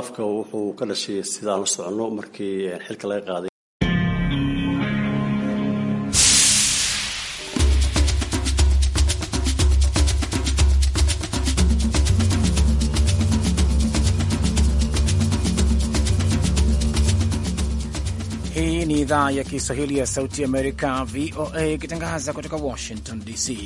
afka wuxuu ka dhashay sidaan la socono markii ee, xilka laga qaaday Hii ni idhaa ya Kiswahili ya Sauti Amerika, VOA, ikitangaza kutoka Washington DC.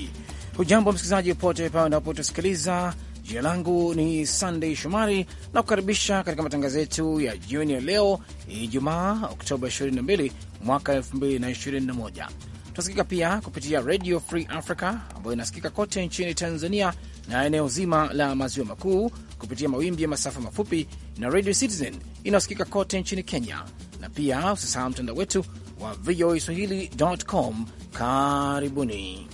Hujambo msikilizaji popote pale unapotusikiliza. Jina langu ni Sandey Shomari na kukaribisha katika matangazo yetu ya jioni ya leo Ijumaa, Oktoba 22 mwaka 2021. Tunasikika pia kupitia Radio Free Africa ambayo inasikika kote nchini Tanzania na eneo zima la maziwa makuu kupitia mawimbi ya masafa mafupi na Radio Citizen inayosikika kote nchini Kenya, na pia usisahau mtandao wetu wa voa swahilicom Karibuni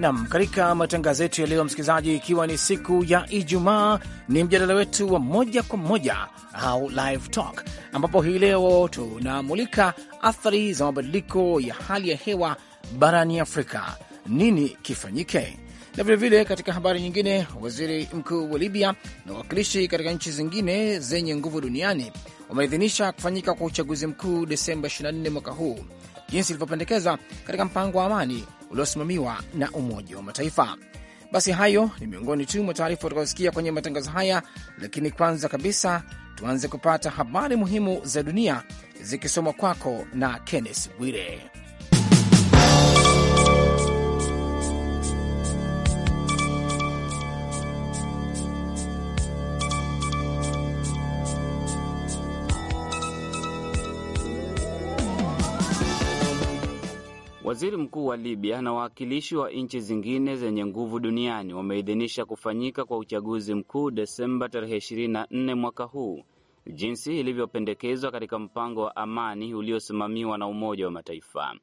Nam, katika matangazo yetu ya leo, msikilizaji, ikiwa ni siku ya Ijumaa, ni mjadala wetu wa moja kwa moja au live talk, ambapo hii leo tunamulika athari za mabadiliko ya hali ya hewa barani Afrika, nini kifanyike? Na vilevile vile, katika habari nyingine, waziri mkuu wa Libya na wawakilishi katika nchi zingine zenye nguvu duniani wameidhinisha kufanyika kwa uchaguzi mkuu Desemba 24 mwaka huu jinsi ilivyopendekeza katika mpango wa amani uliosimamiwa na Umoja wa Mataifa. Basi hayo ni miongoni tu mwa taarifa utakayosikia kwenye matangazo haya, lakini kwanza kabisa tuanze kupata habari muhimu za dunia zikisomwa kwako na Kenneth Bwire. Waziri mkuu wa Libya na wawakilishi wa nchi zingine zenye nguvu duniani wameidhinisha kufanyika kwa uchaguzi mkuu Desemba tarehe 24 mwaka huu jinsi ilivyopendekezwa katika mpango wa amani uliosimamiwa na Umoja wa Mataifa.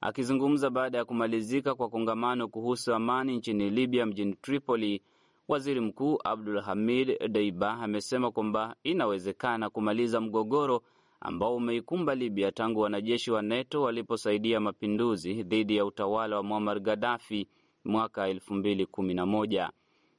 Akizungumza baada ya kumalizika kwa kongamano kuhusu amani nchini Libya mjini Tripoli, waziri mkuu Abdul Hamid Deiba amesema kwamba inawezekana kumaliza mgogoro ambao umeikumba Libya tangu wanajeshi wa NATO waliposaidia mapinduzi dhidi ya utawala wa Muammar Gaddafi mwaka 2011.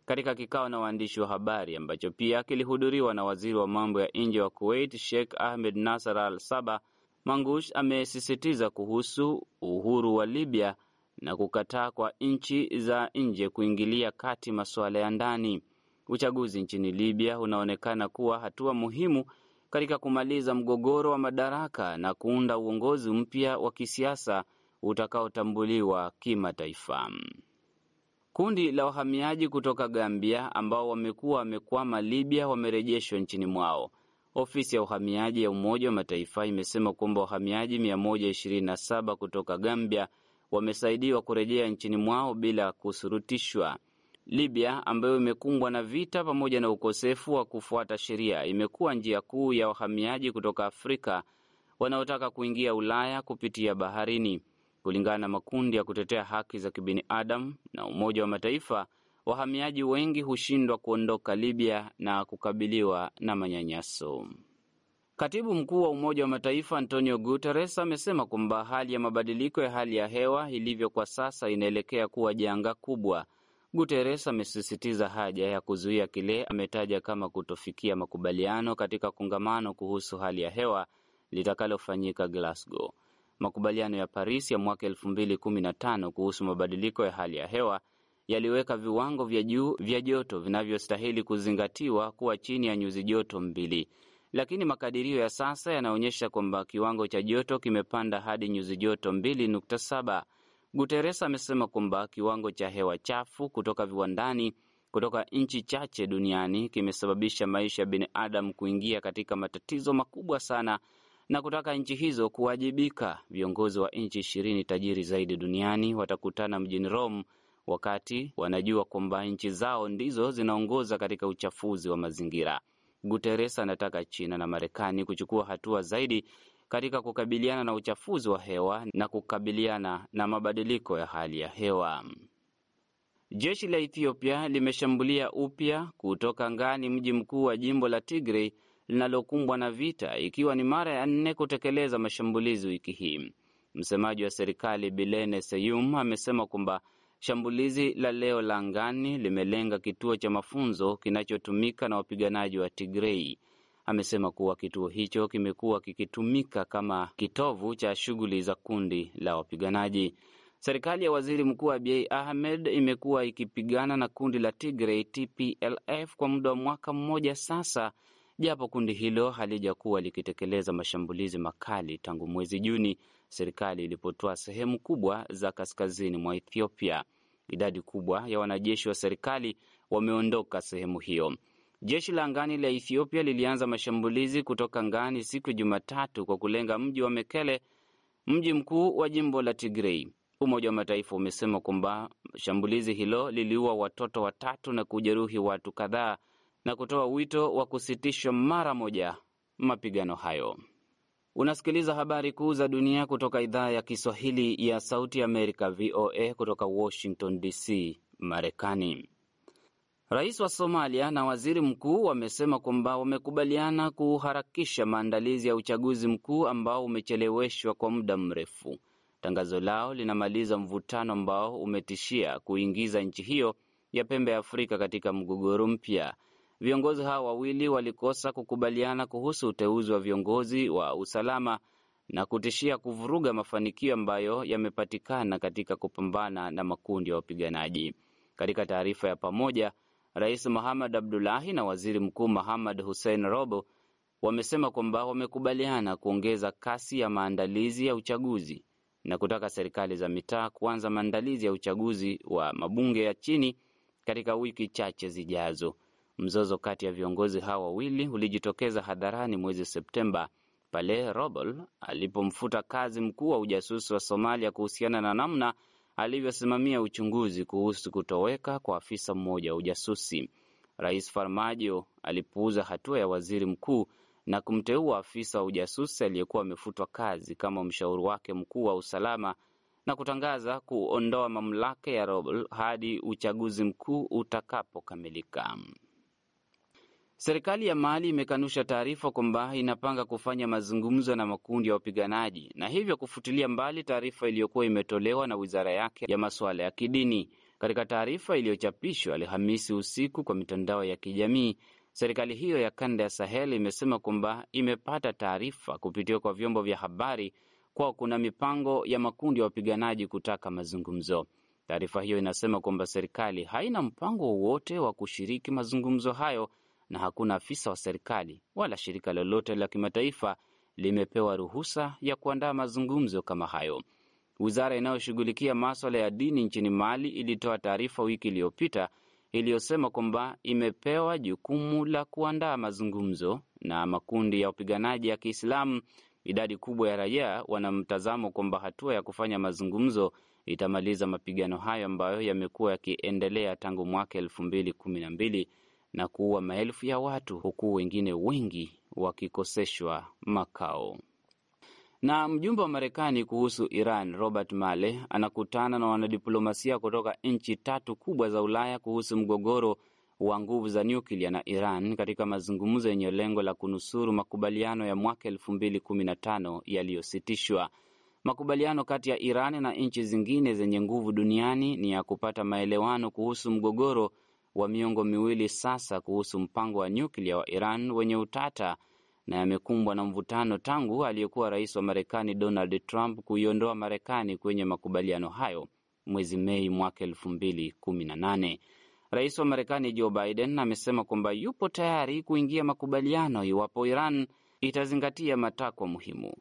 Katika kikao na waandishi wa habari ambacho pia kilihudhuriwa na waziri wa mambo ya nje wa Kuwait Sheikh Ahmed Nasser Al Saba, Mangush amesisitiza kuhusu uhuru wa Libya na kukataa kwa nchi za nje kuingilia kati masuala ya ndani. Uchaguzi nchini Libya unaonekana kuwa hatua muhimu katika kumaliza mgogoro wa madaraka na kuunda uongozi mpya wa kisiasa utakaotambuliwa kimataifa. Kundi la wahamiaji kutoka Gambia ambao wamekuwa wamekwama Libya wamerejeshwa nchini mwao. Ofisi ya uhamiaji ya Umoja wa Mataifa imesema kwamba wahamiaji 127 kutoka Gambia wamesaidiwa kurejea nchini mwao bila kusurutishwa. Libya ambayo imekumbwa na vita pamoja na ukosefu wa kufuata sheria imekuwa njia kuu ya wahamiaji kutoka Afrika wanaotaka kuingia Ulaya kupitia baharini. Kulingana na makundi ya kutetea haki za kibinadamu na Umoja wa Mataifa, wahamiaji wengi hushindwa kuondoka Libya na kukabiliwa na manyanyaso. Katibu mkuu wa Umoja wa Mataifa Antonio Guterres amesema kwamba hali ya mabadiliko ya hali ya hewa ilivyo kwa sasa inaelekea kuwa janga kubwa Guterres amesisitiza haja ya kuzuia kile ametaja kama kutofikia makubaliano katika kongamano kuhusu hali ya hewa litakalofanyika Glasgow. Makubaliano ya Paris ya mwaka 215 kuhusu mabadiliko ya hali ya hewa yaliweka viwango vya juu vya joto vinavyostahili kuzingatiwa kuwa chini ya nyuzi joto mbili, lakini makadirio ya sasa yanaonyesha kwamba kiwango cha joto kimepanda hadi nyuzi joto 27 Guteres amesema kwamba kiwango cha hewa chafu kutoka viwandani kutoka nchi chache duniani kimesababisha maisha ya binadamu kuingia katika matatizo makubwa sana na kutaka nchi hizo kuwajibika. Viongozi wa nchi ishirini tajiri zaidi duniani watakutana mjini Rome wakati wanajua kwamba nchi zao ndizo zinaongoza katika uchafuzi wa mazingira. guteres anataka China na Marekani kuchukua hatua zaidi katika kukabiliana na uchafuzi wa hewa na kukabiliana na mabadiliko ya hali ya hewa. Jeshi la Ethiopia limeshambulia upya kutoka ngani mji mkuu wa jimbo la Tigray linalokumbwa na vita, ikiwa ni mara ya nne kutekeleza mashambulizi wiki hii. Msemaji wa serikali Bilene Seyum amesema kwamba shambulizi la leo la ngani limelenga kituo cha mafunzo kinachotumika na wapiganaji wa Tigrei amesema kuwa kituo hicho kimekuwa kikitumika kama kitovu cha shughuli za kundi la wapiganaji. Serikali ya waziri mkuu Abiy Ahmed imekuwa ikipigana na kundi la Tigray TPLF kwa muda wa mwaka mmoja sasa, japo kundi hilo halijakuwa likitekeleza mashambulizi makali tangu mwezi Juni, serikali ilipotoa sehemu kubwa za kaskazini mwa Ethiopia. Idadi kubwa ya wanajeshi wa serikali wameondoka sehemu hiyo. Jeshi la angani la Ethiopia lilianza mashambulizi kutoka ngani siku ya Jumatatu kwa kulenga mji wa Mekele, mji mkuu wa jimbo la Tigrei. Umoja wa Mataifa umesema kwamba shambulizi hilo liliua watoto watatu na kujeruhi watu kadhaa na kutoa wito wa kusitishwa mara moja mapigano hayo. Unasikiliza habari kuu za dunia kutoka idhaa ya Kiswahili ya Sauti ya Amerika, VOA, kutoka Washington DC, Marekani. Rais wa Somalia na waziri mkuu wamesema kwamba wamekubaliana kuharakisha maandalizi ya uchaguzi mkuu ambao umecheleweshwa kwa muda mrefu. Tangazo lao linamaliza mvutano ambao umetishia kuingiza nchi hiyo ya pembe ya Afrika katika mgogoro mpya. Viongozi hao wawili walikosa kukubaliana kuhusu uteuzi wa viongozi wa usalama na kutishia kuvuruga mafanikio ambayo yamepatikana katika kupambana na makundi ya wapiganaji. Katika taarifa ya pamoja Rais muhamad abdulahi na Waziri Mkuu muhamad Hussein Robo wamesema kwamba wamekubaliana kuongeza kasi ya maandalizi ya uchaguzi na kutaka serikali za mitaa kuanza maandalizi ya uchaguzi wa mabunge ya chini katika wiki chache zijazo. Mzozo kati ya viongozi hawa wawili ulijitokeza hadharani mwezi Septemba pale Robol alipomfuta kazi mkuu wa ujasusi wa Somalia kuhusiana na namna alivyosimamia uchunguzi kuhusu kutoweka kwa afisa mmoja wa ujasusi. Rais Farmajo alipuuza hatua ya waziri mkuu na kumteua afisa wa ujasusi aliyekuwa amefutwa kazi kama mshauri wake mkuu wa usalama na kutangaza kuondoa mamlaka ya Robel hadi uchaguzi mkuu utakapokamilika. Serikali ya Mali imekanusha taarifa kwamba inapanga kufanya mazungumzo na makundi ya wapiganaji na hivyo kufutilia mbali taarifa iliyokuwa imetolewa na wizara yake ya masuala ya kidini. Katika taarifa iliyochapishwa Alhamisi usiku kwa mitandao ya kijamii, serikali hiyo ya kanda ya Sahel imesema kwamba imepata taarifa kupitia kwa vyombo vya habari kuwa kuna mipango ya makundi ya wapiganaji kutaka mazungumzo. Taarifa hiyo inasema kwamba serikali haina mpango wowote wa kushiriki mazungumzo hayo na hakuna afisa wa serikali wala shirika lolote la kimataifa limepewa ruhusa ya kuandaa mazungumzo kama hayo. Wizara inayoshughulikia maswala ya dini nchini Mali ilitoa taarifa wiki iliyopita iliyosema kwamba imepewa jukumu la kuandaa mazungumzo na makundi ya wapiganaji ya Kiislamu. Idadi kubwa ya raia wana mtazamo kwamba hatua ya kufanya mazungumzo itamaliza mapigano hayo ambayo yamekuwa yakiendelea tangu mwaka elfu mbili kumi na mbili na kuua maelfu ya watu huku wengine wengi wakikoseshwa makao. Na mjumbe wa Marekani kuhusu Iran Robert Malley anakutana na wanadiplomasia kutoka nchi tatu kubwa za Ulaya kuhusu mgogoro wa nguvu za nyuklia na Iran katika mazungumzo yenye lengo la kunusuru makubaliano ya mwaka 2015 yaliyositishwa. Makubaliano kati ya Iran na nchi zingine zenye nguvu duniani ni ya kupata maelewano kuhusu mgogoro wa miongo miwili sasa kuhusu mpango wa nyuklia wa Iran wenye utata na yamekumbwa na mvutano tangu aliyekuwa rais wa Marekani Donald Trump kuiondoa Marekani kwenye makubaliano hayo mwezi Mei mwaka elfu mbili kumi na nane. Rais wa Marekani Joe Biden amesema kwamba yupo tayari kuingia makubaliano iwapo Iran itazingatia matakwa muhimu,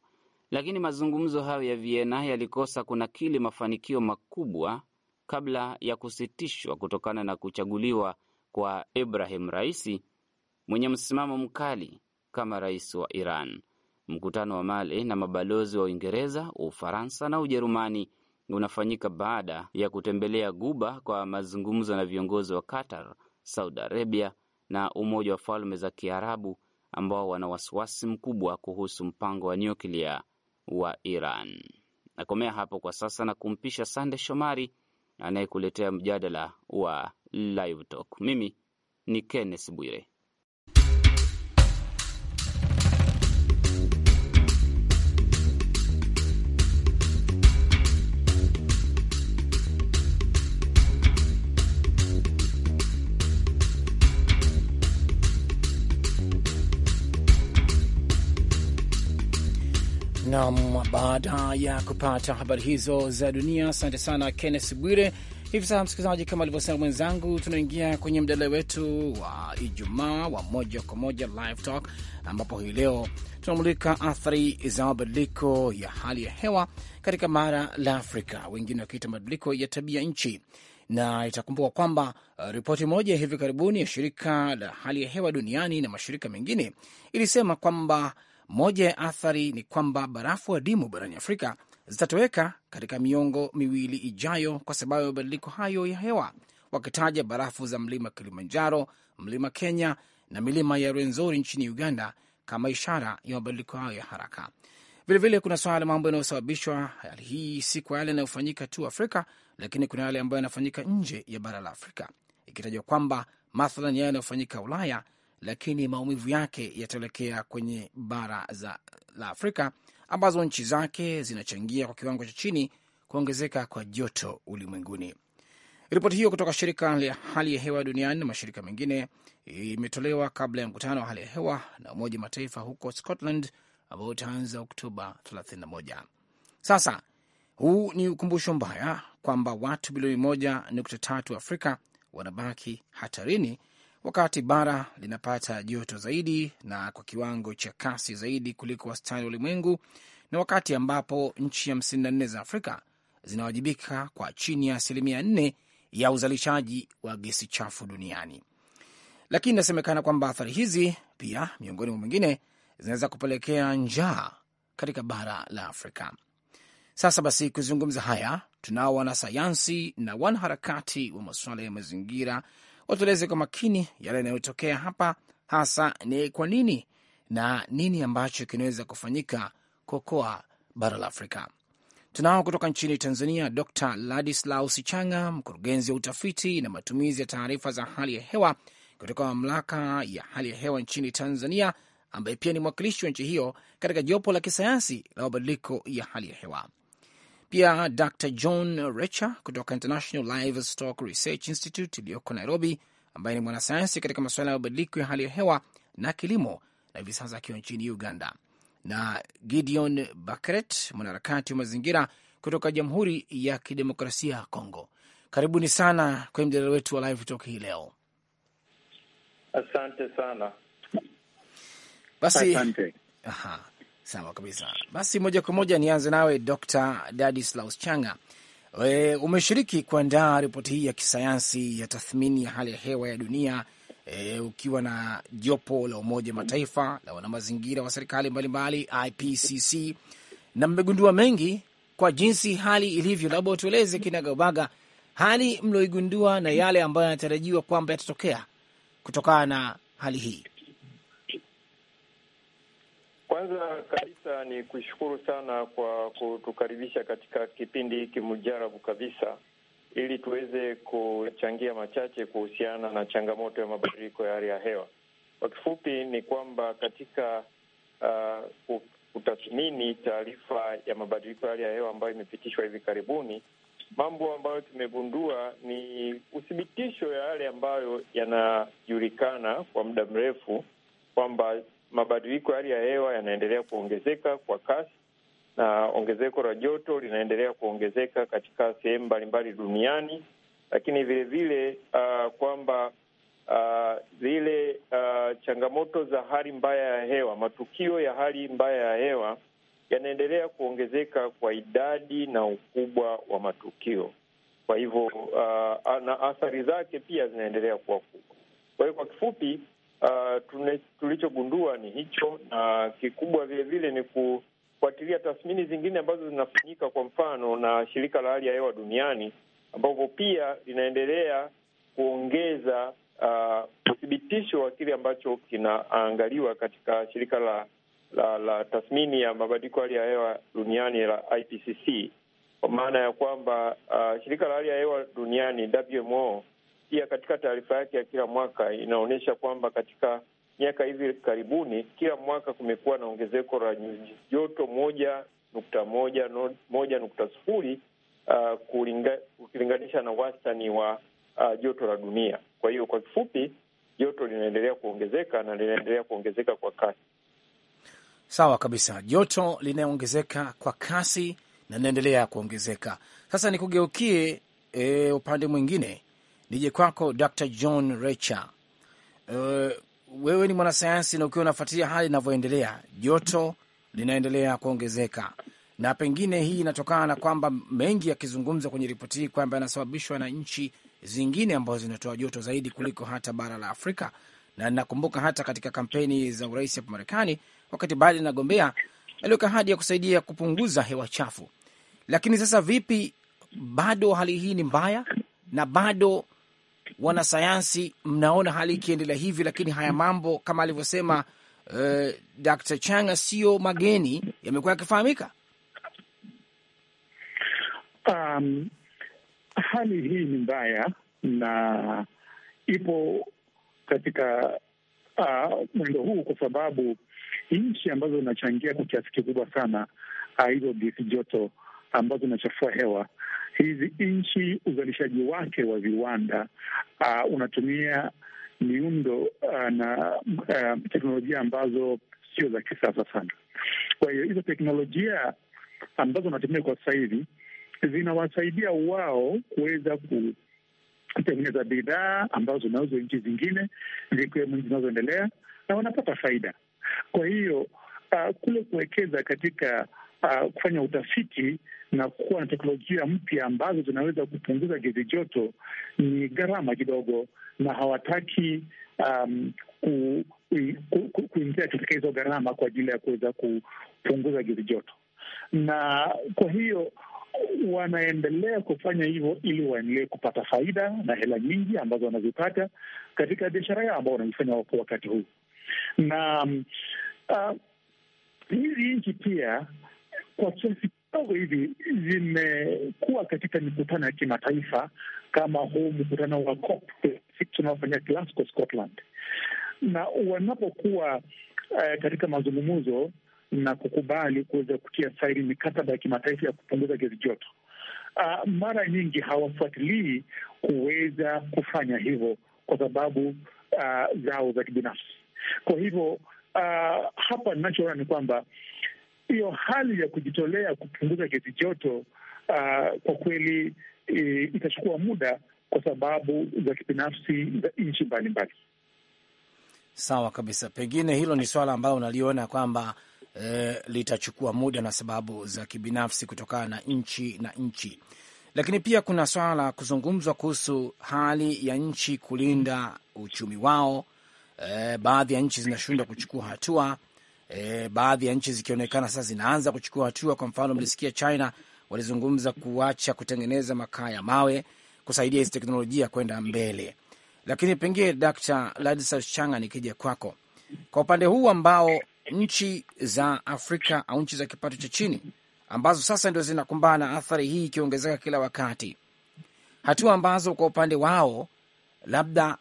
lakini mazungumzo hayo ya Vienna yalikosa kunakili mafanikio makubwa kabla ya kusitishwa kutokana na kuchaguliwa kwa Ibrahim Raisi mwenye msimamo mkali kama rais wa Iran. Mkutano wa Mali na mabalozi wa Uingereza, Ufaransa na Ujerumani unafanyika baada ya kutembelea Guba kwa mazungumzo na viongozi wa Qatar, Saudi Arabia na Umoja wa Falme za Kiarabu ambao wana wasiwasi mkubwa kuhusu mpango wa nyuklia wa Iran. Nakomea hapo kwa sasa na kumpisha Sande Shomari anayekuletea mjadala wa Live Talk. Mimi ni Kenneth Bwire. Nam, baada ya kupata habari hizo za dunia, asante sana Kenneth Bwire. Hivi sasa, msikilizaji, kama alivyosema mwenzangu, tunaingia kwenye mdahalo wetu wa Ijumaa wa moja kwa moja Live Talk, ambapo hii leo tunamulika athari za mabadiliko ya hali ya hewa katika bara la Afrika, wengine wakiita mabadiliko ya tabia nchi. Na itakumbuka kwamba uh, ripoti moja ya hivi karibuni ya shirika la hali ya hewa duniani na mashirika mengine ilisema kwamba moja ya athari ni kwamba barafu adimu barani Afrika zitatoweka katika miongo miwili ijayo kwa sababu ya mabadiliko hayo ya hewa, wakitaja barafu za mlima Kilimanjaro, mlima Kenya na milima ya Rwenzori nchini Uganda kama ishara ya mabadiliko hayo ya haraka. Vilevile vile kuna swala la mambo yanayosababishwa hali hii, si kwa yale yanayofanyika tu Afrika, lakini kuna yale ambayo yanafanyika nje ya bara la Afrika, ikitajwa kwamba mathalan yale yanayofanyika Ulaya lakini maumivu yake yataelekea kwenye bara za, la Afrika ambazo nchi zake zinachangia kwa kiwango cha chini kuongezeka kwa joto ulimwenguni. Ripoti hiyo kutoka shirika la hali ya hewa duniani na mashirika mengine imetolewa kabla ya mkutano wa hali ya hewa na Umoja Mataifa huko Scotland ambao utaanza Oktoba 31. Sasa huu ni ukumbusho mbaya kwamba watu bilioni 1.3 Afrika wanabaki hatarini wakati bara linapata joto zaidi na kwa kiwango cha kasi zaidi kuliko wastani wa ulimwengu na wakati ambapo nchi na nne za Afrika zinawajibika kwa chini ya asilimia nne ya uzalishaji wa gesi chafu duniani. Lakini inasemekana kwamba athari hizi pia, miongoni mwa mwingine, zinaweza kupelekea njaa katika bara la Afrika. Sasa basi, kuzungumza haya tunao wanasayansi na wanaharakati wa masuala ya mazingira watueleze kwa makini yale yanayotokea hapa, hasa ni kwa nini na nini ambacho kinaweza kufanyika kuokoa bara la Afrika. Tunao kutoka nchini Tanzania Dr Ladislaus Sichanga, mkurugenzi wa utafiti na matumizi ya taarifa za hali ya hewa kutoka mamlaka ya hali ya hewa nchini Tanzania, ambaye pia ni mwakilishi wa nchi hiyo katika jopo la kisayansi la mabadiliko ya hali ya hewa. Pia Dr John Recher kutoka International Livestock Research Institute iliyoko Nairobi, ambaye ni mwanasayansi katika masuala ya mabadiliko ya hali ya hewa na kilimo na hivi sasa akiwa nchini Uganda, na Gideon Bakret, mwanaharakati wa mazingira kutoka Jamhuri ya Kidemokrasia ya Kongo. Karibuni sana kwenye mjadala wetu wa Live Talk hii leo. Asante sana basi. Asante. Aha. Sawa kabisa. Basi moja kwa moja nianze nawe Dr. Dadislaus Changa. E, umeshiriki kuandaa ripoti hii ya kisayansi ya tathmini ya hali ya hewa ya dunia e, ukiwa na jopo la Umoja Mataifa la wanamazingira wa serikali mbalimbali IPCC, na mmegundua mengi kwa jinsi hali ilivyo. Labda utueleze kinagaubaga hali mlioigundua na yale ambayo yanatarajiwa kwamba yatatokea kutokana na hali hii. Kwanza kabisa ni kushukuru sana kwa kutukaribisha katika kipindi hiki mujarabu kabisa, ili tuweze kuchangia machache kuhusiana na changamoto ya mabadiliko ya hali ya hewa. Kwa kifupi ni kwamba katika uh, kutathmini taarifa ya mabadiliko ya hali ya hewa ambayo imepitishwa hivi karibuni, mambo ambayo tumegundua ni uthibitisho ya yale ambayo yanajulikana kwa muda mrefu kwamba mabadiliko ya hali ya hewa yanaendelea kuongezeka kwa kasi na ongezeko la joto linaendelea kuongezeka katika sehemu mbalimbali duniani, lakini vilevile uh, ah, kwamba uh, zile uh, changamoto za hali mbaya ya hewa, matukio ya hali mbaya ya hewa yanaendelea kuongezeka kwa idadi na ukubwa wa matukio. Kwa hivyo uh, na athari zake pia zinaendelea kuwa kubwa. Kwa hiyo kwa kifupi uh, tulichogundua ni hicho, na kikubwa vilevile ni kufuatilia tathmini zingine ambazo zinafanyika, kwa mfano na shirika la hali ya hewa duniani ambapo pia linaendelea kuongeza uh, uthibitisho wa kile ambacho kinaangaliwa katika shirika la la, la tathmini ya mabadiliko hali ya hewa duniani la IPCC, kwa maana ya kwamba uh, shirika la hali ya hewa duniani WMO pia katika taarifa yake ya kila mwaka inaonyesha kwamba katika miaka hivi karibuni, kila mwaka kumekuwa na ongezeko la nyuzi joto moja nukta moja no, moja nukta sufuri uh, ukilinganisha na wastani wa uh, joto la dunia. Kwa hiyo kwa kifupi, joto linaendelea kuongezeka na linaendelea kuongezeka kwa kasi. Sawa kabisa, joto linaongezeka kwa kasi na linaendelea kuongezeka. Sasa nikugeukie e, upande mwingine nije kwako Dr John Recha. Uh, wewe ni mwanasayansi na ukiwa unafuatilia hali inavyoendelea, joto linaendelea kuongezeka na pengine hii inatokana na kwamba mengi yakizungumza kwenye ripoti hii kwamba yanasababishwa na nchi zingine ambazo zinatoa joto zaidi kuliko hata bara la Afrika. Na nakumbuka hata katika kampeni za urais hapa Marekani, wakati Biden anagombea aliweka ahadi ya kusaidia kupunguza hewa chafu. Lakini sasa vipi, bado hali hii ni mbaya na bado wanasayansi mnaona hali ikiendelea hivi, lakini haya mambo kama alivyosema uh, Dr. Changa sio mageni, yamekuwa yakifahamika. Um, hali hii ni mbaya na ipo katika uh, mwendo huu kwa sababu nchi ambazo zinachangia kwa kiasi kikubwa sana uh, hizo uh, gesi joto ambazo zinachafua hewa hizi nchi uzalishaji wake wa viwanda uh, unatumia miundo uh, na uh, teknolojia ambazo sio za kisasa sana. Kwa hiyo hizo teknolojia ambazo wanatumia kwa sasa hivi zinawasaidia wao kuweza kutengeneza bidhaa ambazo zinauzwa nchi zingine zikiwemo nchi zinazoendelea na wanapata faida. Kwa hiyo uh, kule kuwekeza katika uh, kufanya utafiti na kuwa na teknolojia mpya ambazo zinaweza kupunguza gezi joto ni gharama kidogo, na hawataki um, kuingia ku, ku, ku, katika hizo gharama kwa ajili ya kuweza kupunguza gezi joto, na kwa hiyo wanaendelea kufanya hivyo ili waendelee kupata faida na hela nyingi ambazo wanazipata katika biashara yao ambao wanaifanya wapo wakati huu na um, uh, hizi nchi pia kwa kiasi kidogo hivi zimekuwa katika mikutano ya kimataifa kama huu mkutano wa COP tunaofanyia Glasgow, Scotland, na wanapokuwa uh, katika mazungumzo na kukubali kuweza kutia saini mikataba ya kimataifa ya kupunguza gesi joto uh, mara nyingi hawafuatilii kuweza kufanya hivyo kwa sababu uh, zao za kibinafsi. Kwa hivyo uh, hapa ninachoona ni kwamba hiyo hali ya kujitolea kupunguza gesi joto uh, kwa kweli e, itachukua muda kwa sababu za kibinafsi za nchi mbalimbali. Sawa kabisa, pengine hilo ni swala ambalo unaliona kwamba e, litachukua muda na sababu za kibinafsi kutokana na nchi na nchi, lakini pia kuna swala la kuzungumzwa kuhusu hali ya nchi kulinda uchumi wao. E, baadhi ya nchi zinashindwa kuchukua hatua e, baadhi ya nchi zikionekana sasa zinaanza kuchukua hatua. Kwa mfano, mlisikia China walizungumza kuacha kutengeneza makaa ya mawe kusaidia hizi teknolojia kwenda mbele. Lakini pengine Dkt. Ladislaus Changa, nikija kwako kwa upande huu ambao nchi za Afrika au nchi za kipato cha chini ambazo sasa ndio zinakumbana athari hii ikiongezeka kila wakati, hatua ambazo kwa upande wao labda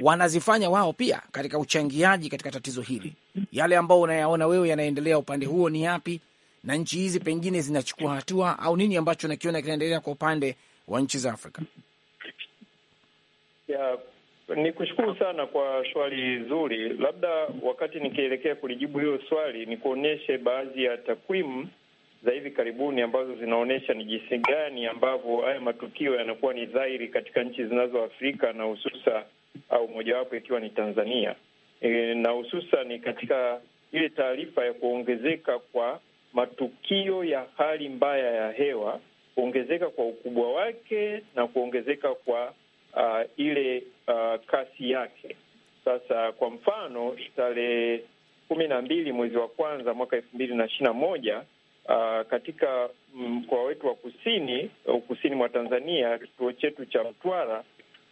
wanazifanya wao pia katika uchangiaji katika tatizo hili? Yale ambao unayaona wewe yanaendelea upande huo ni yapi, na nchi hizi pengine zinachukua hatua au nini ambacho unakiona kinaendelea kwa upande wa nchi za Afrika? Yeah, ni kushukuru sana kwa swali zuri. Labda wakati nikielekea kulijibu hilo swali, ni kuonyeshe baadhi ya takwimu za hivi karibuni ambazo zinaonyesha ni jinsi gani ambavyo haya matukio yanakuwa ni dhahiri katika nchi zinazoafrika na hususa au mojawapo ikiwa ni Tanzania e, na hususan katika ile taarifa ya kuongezeka kwa matukio ya hali mbaya ya hewa, kuongezeka kwa ukubwa wake na kuongezeka kwa uh, ile uh, kasi yake. Sasa kwa mfano tarehe kumi na mbili mwezi wa kwanza mwaka elfu mbili na ishirini na moja uh, katika mkoa wetu wa kusini, kusini mwa Tanzania, kituo chetu cha Mtwara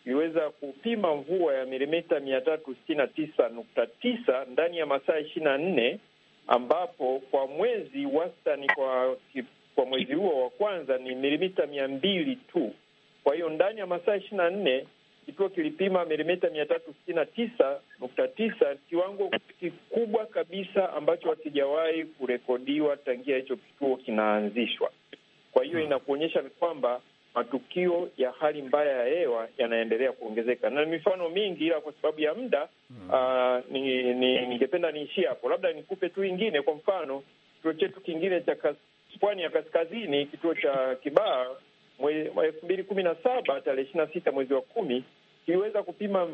iliweza kupima mvua ya milimita mia tatu sitini na tisa nukta tisa ndani ya masaa ishirini na nne ambapo kwa mwezi wastani kwa kwa mwezi huo wa kwanza ni milimita mia mbili tu. Kwa hiyo ndani ya masaa ishirini na nne kituo kilipima milimita mia tatu sitini na tisa nukta tisa, kiwango kikubwa kabisa ambacho hakijawahi kurekodiwa tangia hicho kituo kinaanzishwa. Kwa hiyo hmm. inakuonyesha kwamba matukio ya hali mbaya ya hewa yanaendelea kuongezeka na mifano mingi, ila kwa sababu ya muda uh, ni, ni, ningependa niishie hapo. Labda nikupe tu ingine, kwa mfano kituo chetu kingine cha pwani ya kaskazini, kituo cha kibaa elfu mbili kumi na saba tarehe ishirini na sita mwezi wa kumi kiliweza kupima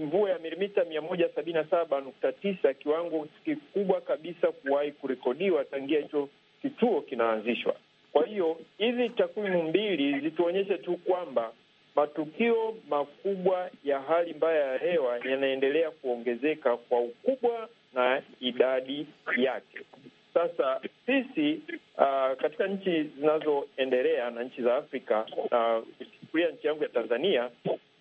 mvua ya milimita mia moja sabini na saba nukta tisa kiwango kikubwa kabisa kuwahi kurekodiwa tangia hicho kituo kinaanzishwa. Kwa hiyo hizi takwimu mbili zituonyeshe tu kwamba matukio makubwa ya hali mbaya ya hewa yanaendelea kuongezeka kwa ukubwa na idadi yake. Sasa sisi uh, katika nchi zinazoendelea na nchi za Afrika na uh, nchi yangu ya Tanzania,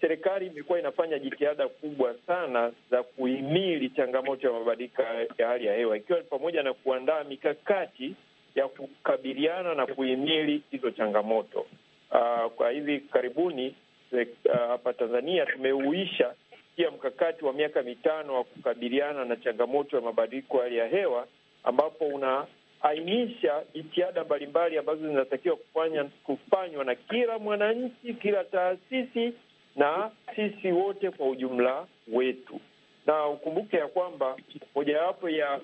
serikali imekuwa inafanya jitihada kubwa sana za kuhimili changamoto ya mabadiliko ya hali ya hewa, ikiwa ni pamoja na kuandaa mikakati ya kukabiliana na kuhimili hizo changamoto. Uh, kwa hivi karibuni eh, hapa uh, Tanzania tumeuisha pia mkakati wa miaka mitano wa kukabiliana na changamoto ya mabadiliko ya hali ya hewa ambapo unaainisha jitihada mbalimbali ambazo zinatakiwa kufanya kufanywa na kila mwananchi, kila taasisi na sisi wote kwa ujumla wetu, na ukumbuke ya kwamba mojawapo ya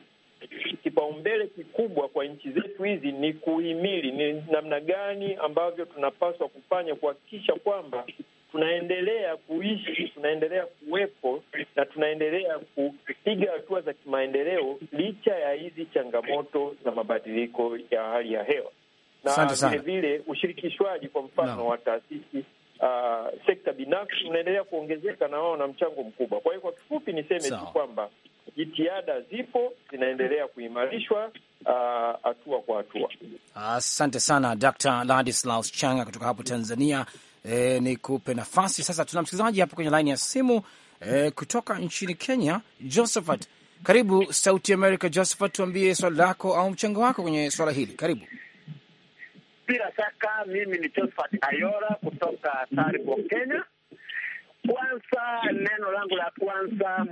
kipaumbele kikubwa kwa nchi zetu hizi ni kuhimili ni namna gani ambavyo tunapaswa kufanya kuhakikisha kwamba tunaendelea kuishi, tunaendelea kuwepo na tunaendelea kupiga hatua za kimaendeleo licha ya hizi changamoto za mabadiliko ya hali ya hewa na vilevile ushirikishwaji kwa mfano no. wa taasisi uh, sekta binafsi unaendelea kuongezeka na wao na mchango mkubwa. Kwa hiyo kwa kifupi niseme tu kwamba jitihada zipo zinaendelea kuimarishwa uh, hatua uh, kwa hatua. Asante sana Dr. Ladislaus Changa kutoka hapo Tanzania. E, ni kupe nafasi sasa, tuna msikilizaji hapo kwenye laini ya simu e, kutoka nchini Kenya. Josephat, karibu Sauti America. Josephat, tuambie swali lako au mchango wako kwenye swala hili, karibu. Bila shaka mimi ni Josephat Ayora kutoka Taribo, Kenya. Kwanza, neno langu la kwanza,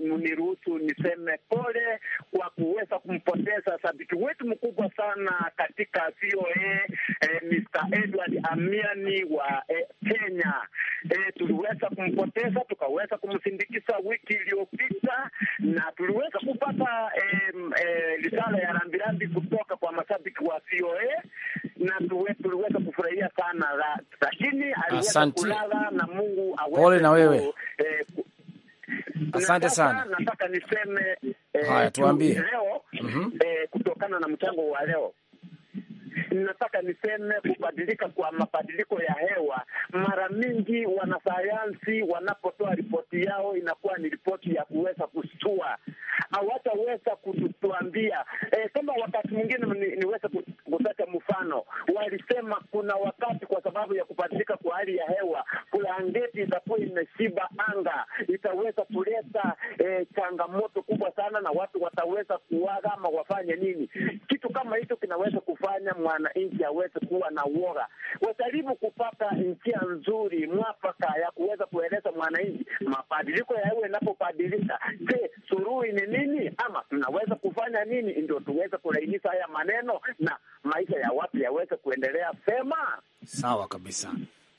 mniruhusu niseme pole kwa kuweza kumpoteza sabiki wetu mkubwa sana katika COA, eh, Mr. Edward Amiani wa eh, Kenya. Eh, tuliweza kumpoteza tukaweza kumsindikiza wiki iliyopita, na tuliweza kupata eh, eh, risala ya rambirambi kutoka kwa mashabiki wa COA na tuliweza kufurahia sana, lakini aliweza kulala pole na wewe eh, asante sana. Nataka niseme eh, haya tuambie leo mm -hmm. eh, kutokana na mchango wa leo nataka niseme kubadilika kwa mabadiliko ya hewa. Mara mingi wanasayansi wanapotoa ripoti yao inakuwa ni ripoti ya kuweza kushtua, hawataweza kutuambia e, kama wakati mwingine ni, niweze kutaja mfano, walisema kuna wakati kwa sababu ya kubadilika kwa hali ya hewa ya ngeti itakuwa imeshiba anga, itaweza kuleta eh, changamoto kubwa sana, na watu wataweza kuaga ama wafanye nini. Kitu kama hicho kinaweza kufanya mwananchi aweze kuwa na uoga. Wajaribu kupata njia nzuri mwafaka ya kuweza kueleza mwananchi mabadiliko ya hewa inapobadilika, je, suruhi ni nini ama tunaweza kufanya nini, ndio tuweze kulainisha haya maneno na maisha ya watu yaweze kuendelea vyema. Sawa kabisa.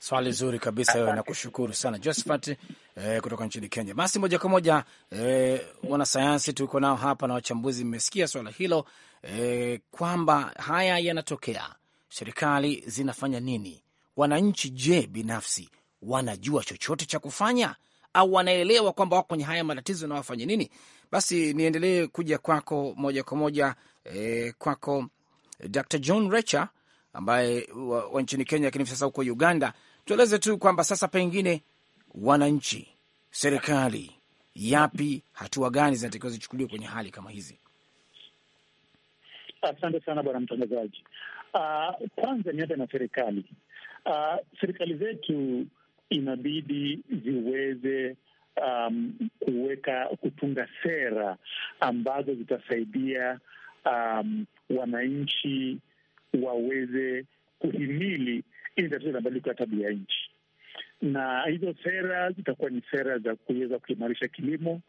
Swali zuri kabisa hiyo, nakushukuru sana Josephat eh, kutoka nchini Kenya. Basi moja kwa moja eh, wanasayansi tuko nao hapa na wachambuzi, mmesikia swala hilo eh, kwamba haya yanatokea, serikali zinafanya nini? Wananchi je, binafsi wanajua chochote cha kufanya au wanaelewa kwamba wako kwenye haya matatizo na wafanye nini? Basi niendelee kuja kwako moja kwa moja eh, kwako Dr John Recha ambaye wa, wa nchini Kenya lakini sasa huko Uganda tueleze tu kwamba sasa pengine wananchi, serikali, yapi hatua gani zinatakiwa zichukuliwe kwenye hali kama hizi? Asante sana bwana mtangazaji. Uh, kwanza nianza na serikali. Uh, serikali zetu inabidi ziweze um, kuweka kutunga sera ambazo zitasaidia um, wananchi waweze kuhimili ili tatizo la mabadiliko ya tabia ya nchi, na hizo sera zitakuwa ni sera za kuweza kuimarisha kilimo,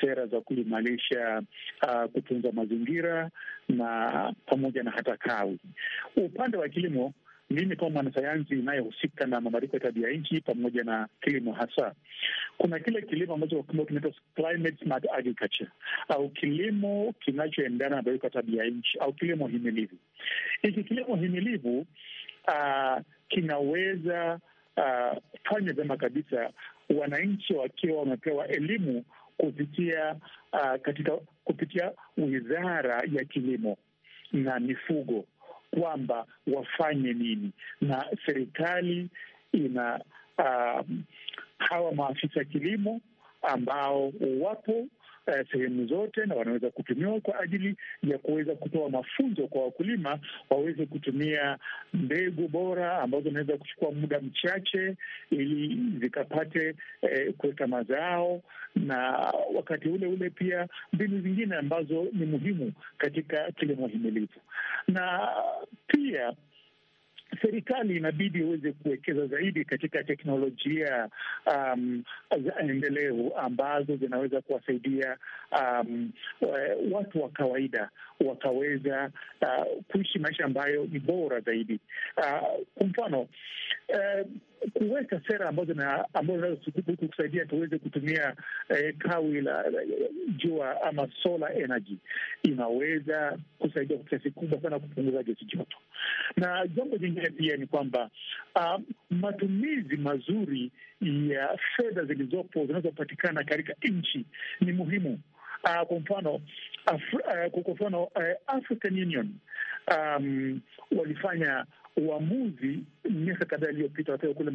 sera za kuimarisha uh, kutunza mazingira na pamoja na hata kawi. Upande wa kilimo, mimi kama mwanasayansi inayohusika na mabadiliko ya tabia nchi pamoja na kilimo hasa, kuna kile kilimo ambacho kinaitwa climate smart agriculture au kilimo kinachoendana na mabadiliko ya tabia nchi au kilimo himilivu. Hiki kilimo himilivu uh, kinaweza uh, fanya vyema kabisa, wananchi wakiwa wamepewa elimu kupitia uh, katika kupitia wizara ya kilimo na mifugo kwamba wafanye nini, na serikali ina uh, hawa maafisa kilimo ambao wapo eh, sehemu zote na wanaweza kutumiwa kwa ajili ya kuweza kutoa mafunzo kwa wakulima waweze kutumia mbegu bora ambazo zinaweza kuchukua muda mchache ili zikapate eh, kuweka mazao, na wakati ule ule pia mbinu zingine ambazo ni muhimu katika kilimo himilivu na pia serikali inabidi iweze kuwekeza zaidi katika teknolojia um, za endelevu ambazo zinaweza kuwasaidia um, watu wa kawaida wakaweza uh, kuishi maisha ambayo ni bora zaidi. Uh, kwa mfano uh, kuweka sera ambazo ambazo kusaidia tuweze kutumia eh, kawi la jua ama solar energy inaweza kusaidia kwa kiasi kubwa sana kupunguza gesi joto. Na jambo jingine pia ni kwamba uh, matumizi mazuri ya fedha zilizopo zinazopatikana katika nchi ni muhimu. Uh, kwa mfano Afri, uh, kwa mfano uh, African Union um, walifanya uamuzi miaka kadhaa iliyopita wakiwa kule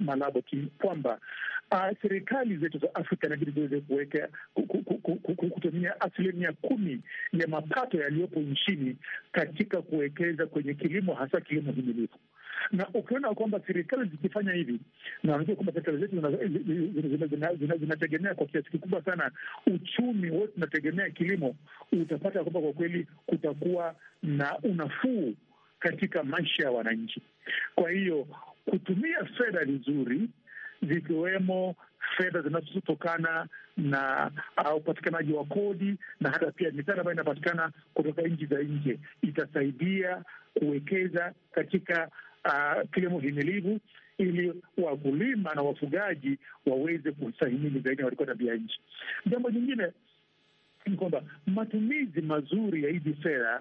Malabo kwamba ah, serikali zetu za Afrika inabidi ziweze kuweka kutumia asilimia kumi ya mapato yaliyopo nchini katika kuwekeza kwenye kilimo, hasa kilimo himilifu na ukiona kwamba serikali zikifanya hivi, na unajua kwamba serikali zetu zinategemea kwa kiasi kikubwa sana uchumi wote, unategemea kilimo, utapata kwamba kwa kweli kutakuwa na unafuu katika maisha ya wananchi. Kwa hiyo kutumia fedha vizuri, zikiwemo fedha zinazotokana na uh, upatikanaji wa kodi na hata pia misaada ambayo inapatikana kutoka nchi za nje itasaidia kuwekeza katika uh, kilimo himilivu ili wakulima na wafugaji waweze kustahimili zaidi na walikuwa tabia nchi. Jambo jingine ni kwamba matumizi mazuri ya hizi fedha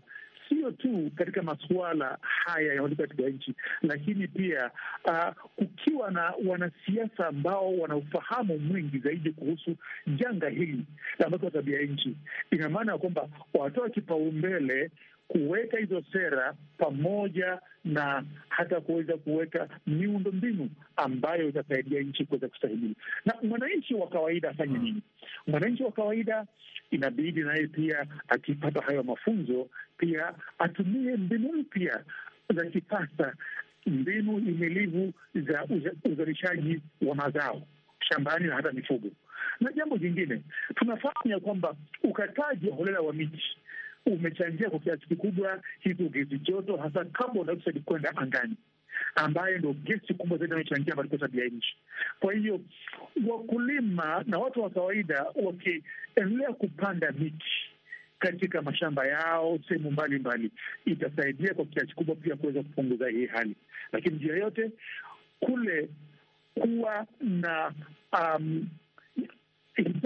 sio tu katika masuala haya yanaotoka katika nchi, lakini pia uh, kukiwa na wanasiasa ambao wana ufahamu mwingi zaidi kuhusu janga hili la mabadiliko ya tabia nchi, ina maana ya kwamba watoa kipaumbele kuweka hizo sera pamoja na hata kuweza kuweka miundo mbinu ambayo itasaidia nchi kuweza kustahimili. Na mwananchi wa kawaida afanye nini? Mwananchi wa kawaida inabidi naye pia akipata hayo mafunzo, pia atumie mbinu mpya za kisasa, mbinu himilivu za uzalishaji wa mazao shambani na hata mifugo. Na jambo jingine tunafahamu ya kwamba ukataji wa holela wa miti umechangia kwa kiasi kikubwa hizo gesi joto, hasa carbon dioxide kwenda angani, ambayo ndo gesi kubwa zaidi inayochangia mabadiliko tabia nchi. Kwa hiyo wakulima na watu wa kawaida wakiendelea kupanda miti katika mashamba yao sehemu mbalimbali, itasaidia kwa kiasi kubwa pia kuweza kupunguza hii hali. Lakini njia yote kule kuwa na um,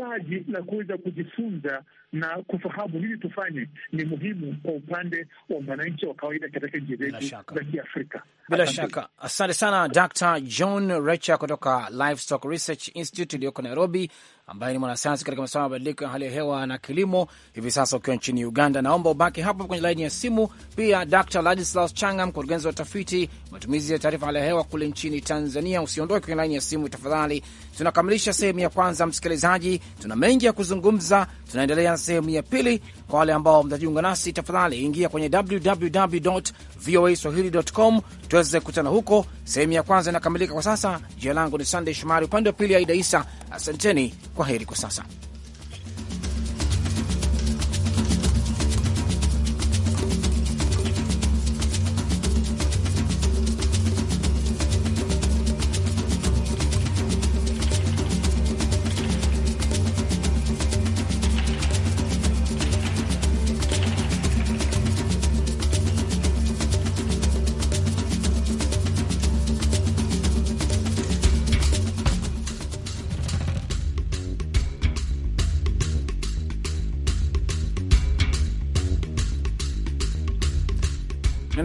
uwekezaji na kuweza kujifunza na kufahamu nini tufanye ni muhimu kwa upande wa mwananchi wa kawaida katika nchi zetu za Kiafrika. Bila shaka, asante sana Dr John Recha kutoka Livestock Research Institute iliyoko Nairobi ambaye ni mwanasayansi katika masuala ya mabadiliko ya hali ya hewa na kilimo, hivi sasa ukiwa nchini Uganda. Naomba ubaki hapo kwenye laini ya simu. Pia Dr Ladislaus Changa, mkurugenzi wa utafiti matumizi ya taarifa hali ya hewa kule nchini Tanzania, usiondoke kwenye laini ya simu tafadhali. Tunakamilisha sehemu ya kwanza, msikilizaji, tuna mengi ya kuzungumza. Tunaendelea na sehemu ya pili. Kwa wale ambao mtajiunga nasi, tafadhali ingia kwenye www voa swahili.com tuweze kukutana huko. Sehemu ya kwanza inakamilika kwa sasa. Jina langu ni Sandey Shomari, upande wa pili Aida Isa. Asanteni. Kwa heri kwa sasa.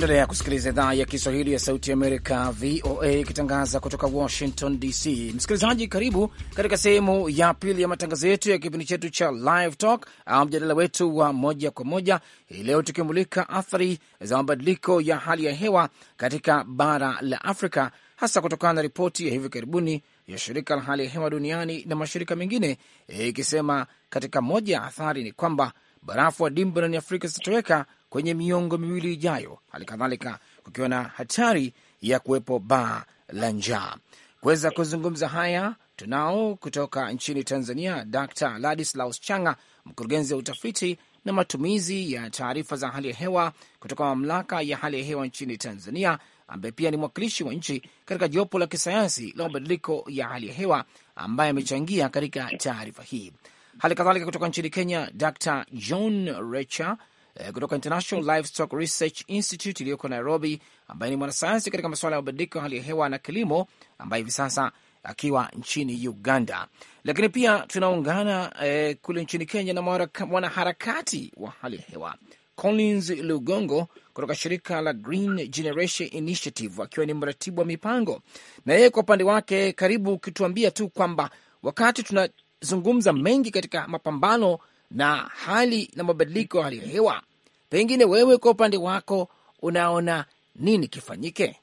Unaendelea kusikiliza idhaa ya Kiswahili ya Sauti Amerika, VOA, ikitangaza kutoka Washington DC. Msikilizaji, karibu katika sehemu ya pili ya matangazo yetu ya kipindi chetu cha Live Talk au mjadala wetu wa moja kwa moja, hii leo tukimulika athari za mabadiliko ya hali ya hewa katika bara la Afrika, hasa kutokana na ripoti ya hivi karibuni ya shirika la hali ya hewa duniani na mashirika mengine ikisema, katika moja ya athari ni kwamba barafu adimu barani Afrika zitatoweka kwenye miongo miwili ijayo, hali kadhalika kukiwa na hatari ya kuwepo baa la njaa. Kuweza kuzungumza haya tunao kutoka nchini Tanzania, Dr Ladislaus Changa, mkurugenzi wa utafiti na matumizi ya taarifa za hali ya hewa kutoka mamlaka ya hali ya hewa nchini Tanzania, ambaye pia ni mwakilishi wa nchi katika jopo la kisayansi la mabadiliko ya hali ya hewa ambaye amechangia katika taarifa hii. Hali kadhalika kutoka nchini Kenya, Dr John Recha eh, kutoka International Livestock Research Institute iliyoko Nairobi, ambaye ni mwanasayansi katika masuala ya mabadiliko ya hali ya hewa na kilimo, ambaye hivi sasa akiwa nchini Uganda. Lakini pia tunaungana eh, kule nchini Kenya na mwanaharakati wa hali ya hewa Collins Lugongo kutoka shirika la Green Generation Initiative, akiwa ni mratibu wa mipango. Na yeye kwa upande wake, karibu ukituambia tu kwamba wakati tunazungumza mengi katika mapambano na hali na mabadiliko ya hali ya hewa. Pengine wewe kwa upande wako unaona nini kifanyike?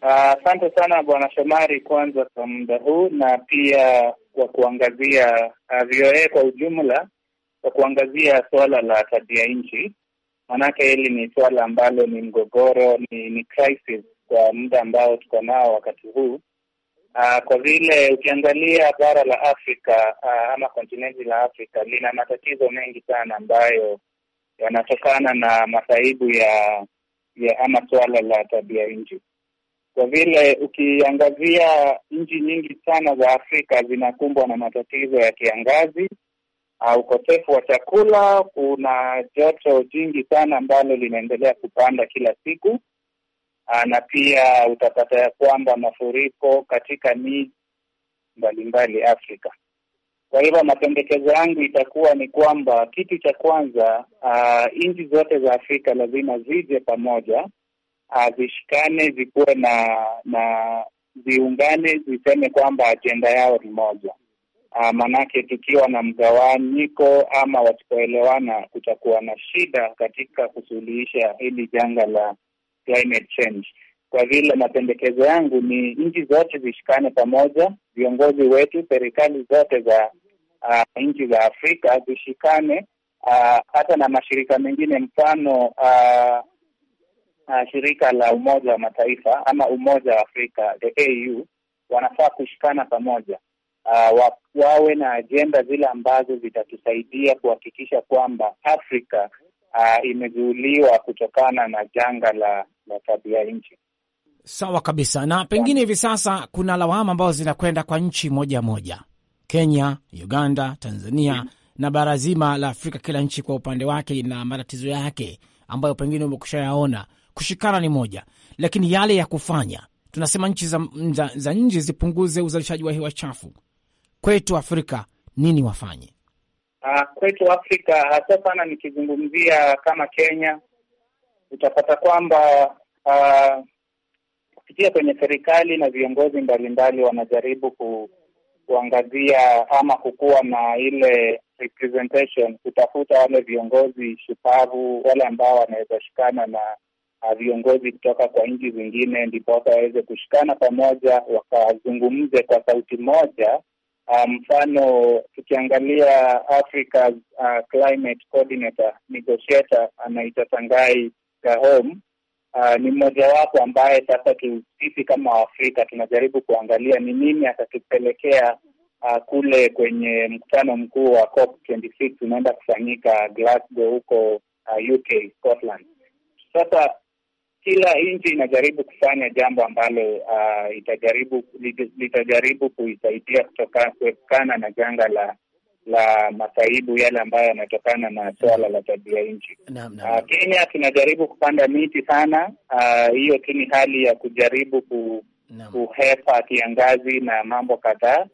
Ah, asante uh, sana Bwana Shomari, kwanza kwa muda huu na pia kwa kuangazia uh, ah, VOA kwa ujumla, kwa kuangazia suala la tabia nchi, maanake hili ni suala ambalo ni mgogoro, ni, ni crisis kwa muda ambao tuko nao wakati huu Uh, kwa vile ukiangalia bara la Afrika uh, ama kontinenti la Afrika lina matatizo mengi sana ambayo yanatokana na masaibu ya, ya ama suala la tabia nchi. Kwa vile ukiangazia nchi nyingi sana za Afrika zinakumbwa na matatizo ya kiangazi, uh, ukosefu wa chakula, kuna joto jingi sana ambalo linaendelea kupanda kila siku Ah, na pia utapata ya kwamba mafuriko katika miji mbalimbali Afrika. Kwa hivyo mapendekezo yangu itakuwa ni kwamba kitu cha kwanza, ah, nchi zote za Afrika lazima zije pamoja, ah, zishikane, zikuwe na na ziungane, ziseme kwamba ajenda yao ni moja. Maanake tukiwa na mgawanyiko ama wasipoelewana, kutakuwa na shida katika kusuluhisha hili janga la climate change. Kwa vile mapendekezo yangu ni nchi zote zishikane pamoja, viongozi wetu, serikali zote za uh, nchi za Afrika zishikane, uh, hata na mashirika mengine, mfano uh, uh, shirika la Umoja wa Mataifa ama Umoja wa Afrika, the AU, wanafaa kushikana pamoja. Uh, wawe na ajenda zile ambazo zitatusaidia kuhakikisha kwamba Afrika uh, ah, imezuuliwa kutokana na janga la, la tabia nchi. Sawa kabisa. Na pengine hivi sasa kuna lawama ambazo zinakwenda kwa nchi moja moja, Kenya, Uganda, Tanzania -hmm. na bara zima la Afrika, kila nchi kwa upande wake na matatizo yake ambayo pengine umekusha yaona. Kushikana ni moja, lakini yale ya kufanya, tunasema nchi za, za, za nje zipunguze uzalishaji wa hewa chafu. Kwetu Afrika nini wafanye? Uh, kwetu Afrika hasa sana nikizungumzia kama Kenya, utapata kwamba uh, kupitia kwenye serikali na viongozi mbalimbali wanajaribu ku, kuangazia ama kukuwa na ile representation, kutafuta wale viongozi shupavu, wale ambao wanaweza shikana na uh, viongozi kutoka kwa nchi zingine, ndipo waweze kushikana pamoja wakazungumze kwa sauti moja Ah, mfano um, tukiangalia Africa's uh, climate coordinator negotiator anaita Tangai Gahom uh, ni mmojawapo ambaye sasa sisi kama Waafrika tunajaribu kuangalia ni nini atatupelekea uh, kule kwenye mkutano mkuu wa COP 26 unaenda kufanyika Glasgow huko uh, UK Scotland. Sasa kila nchi inajaribu kufanya jambo ambalo uh, itajaribu litajaribu kuisaidia kuepukana na janga la la masaibu yale ambayo yanatokana na suala la tabia nchi. Uh, Kenya tunajaribu kupanda miti sana. Uh, hiyo uh, tu ni hali ya kujaribu ku, uhepa, kiangazi na mambo kadhaa.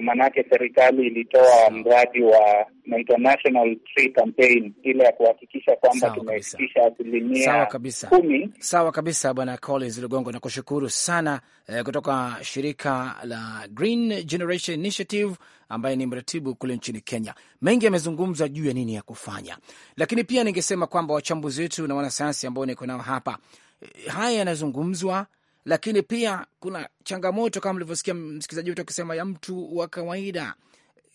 Maanake ah, serikali ilitoa mradi wa naitwa National Tree Campaign, ile ya kuhakikisha kwamba tumefikisha asilimia kumi. Sawa kabisa, Bwana Collins Lugongo, nakushukuru sana eh, kutoka shirika la Green Generation Initiative ambaye ni mratibu kule nchini Kenya. Mengi yamezungumzwa juu ya nini ya kufanya, lakini pia ningesema kwamba wachambuzi wetu na wanasayansi ambao niko nao hapa, eh, haya yanazungumzwa lakini pia kuna changamoto kama mlivyosikia msikilizaji wetu akisema ya mtu wa kawaida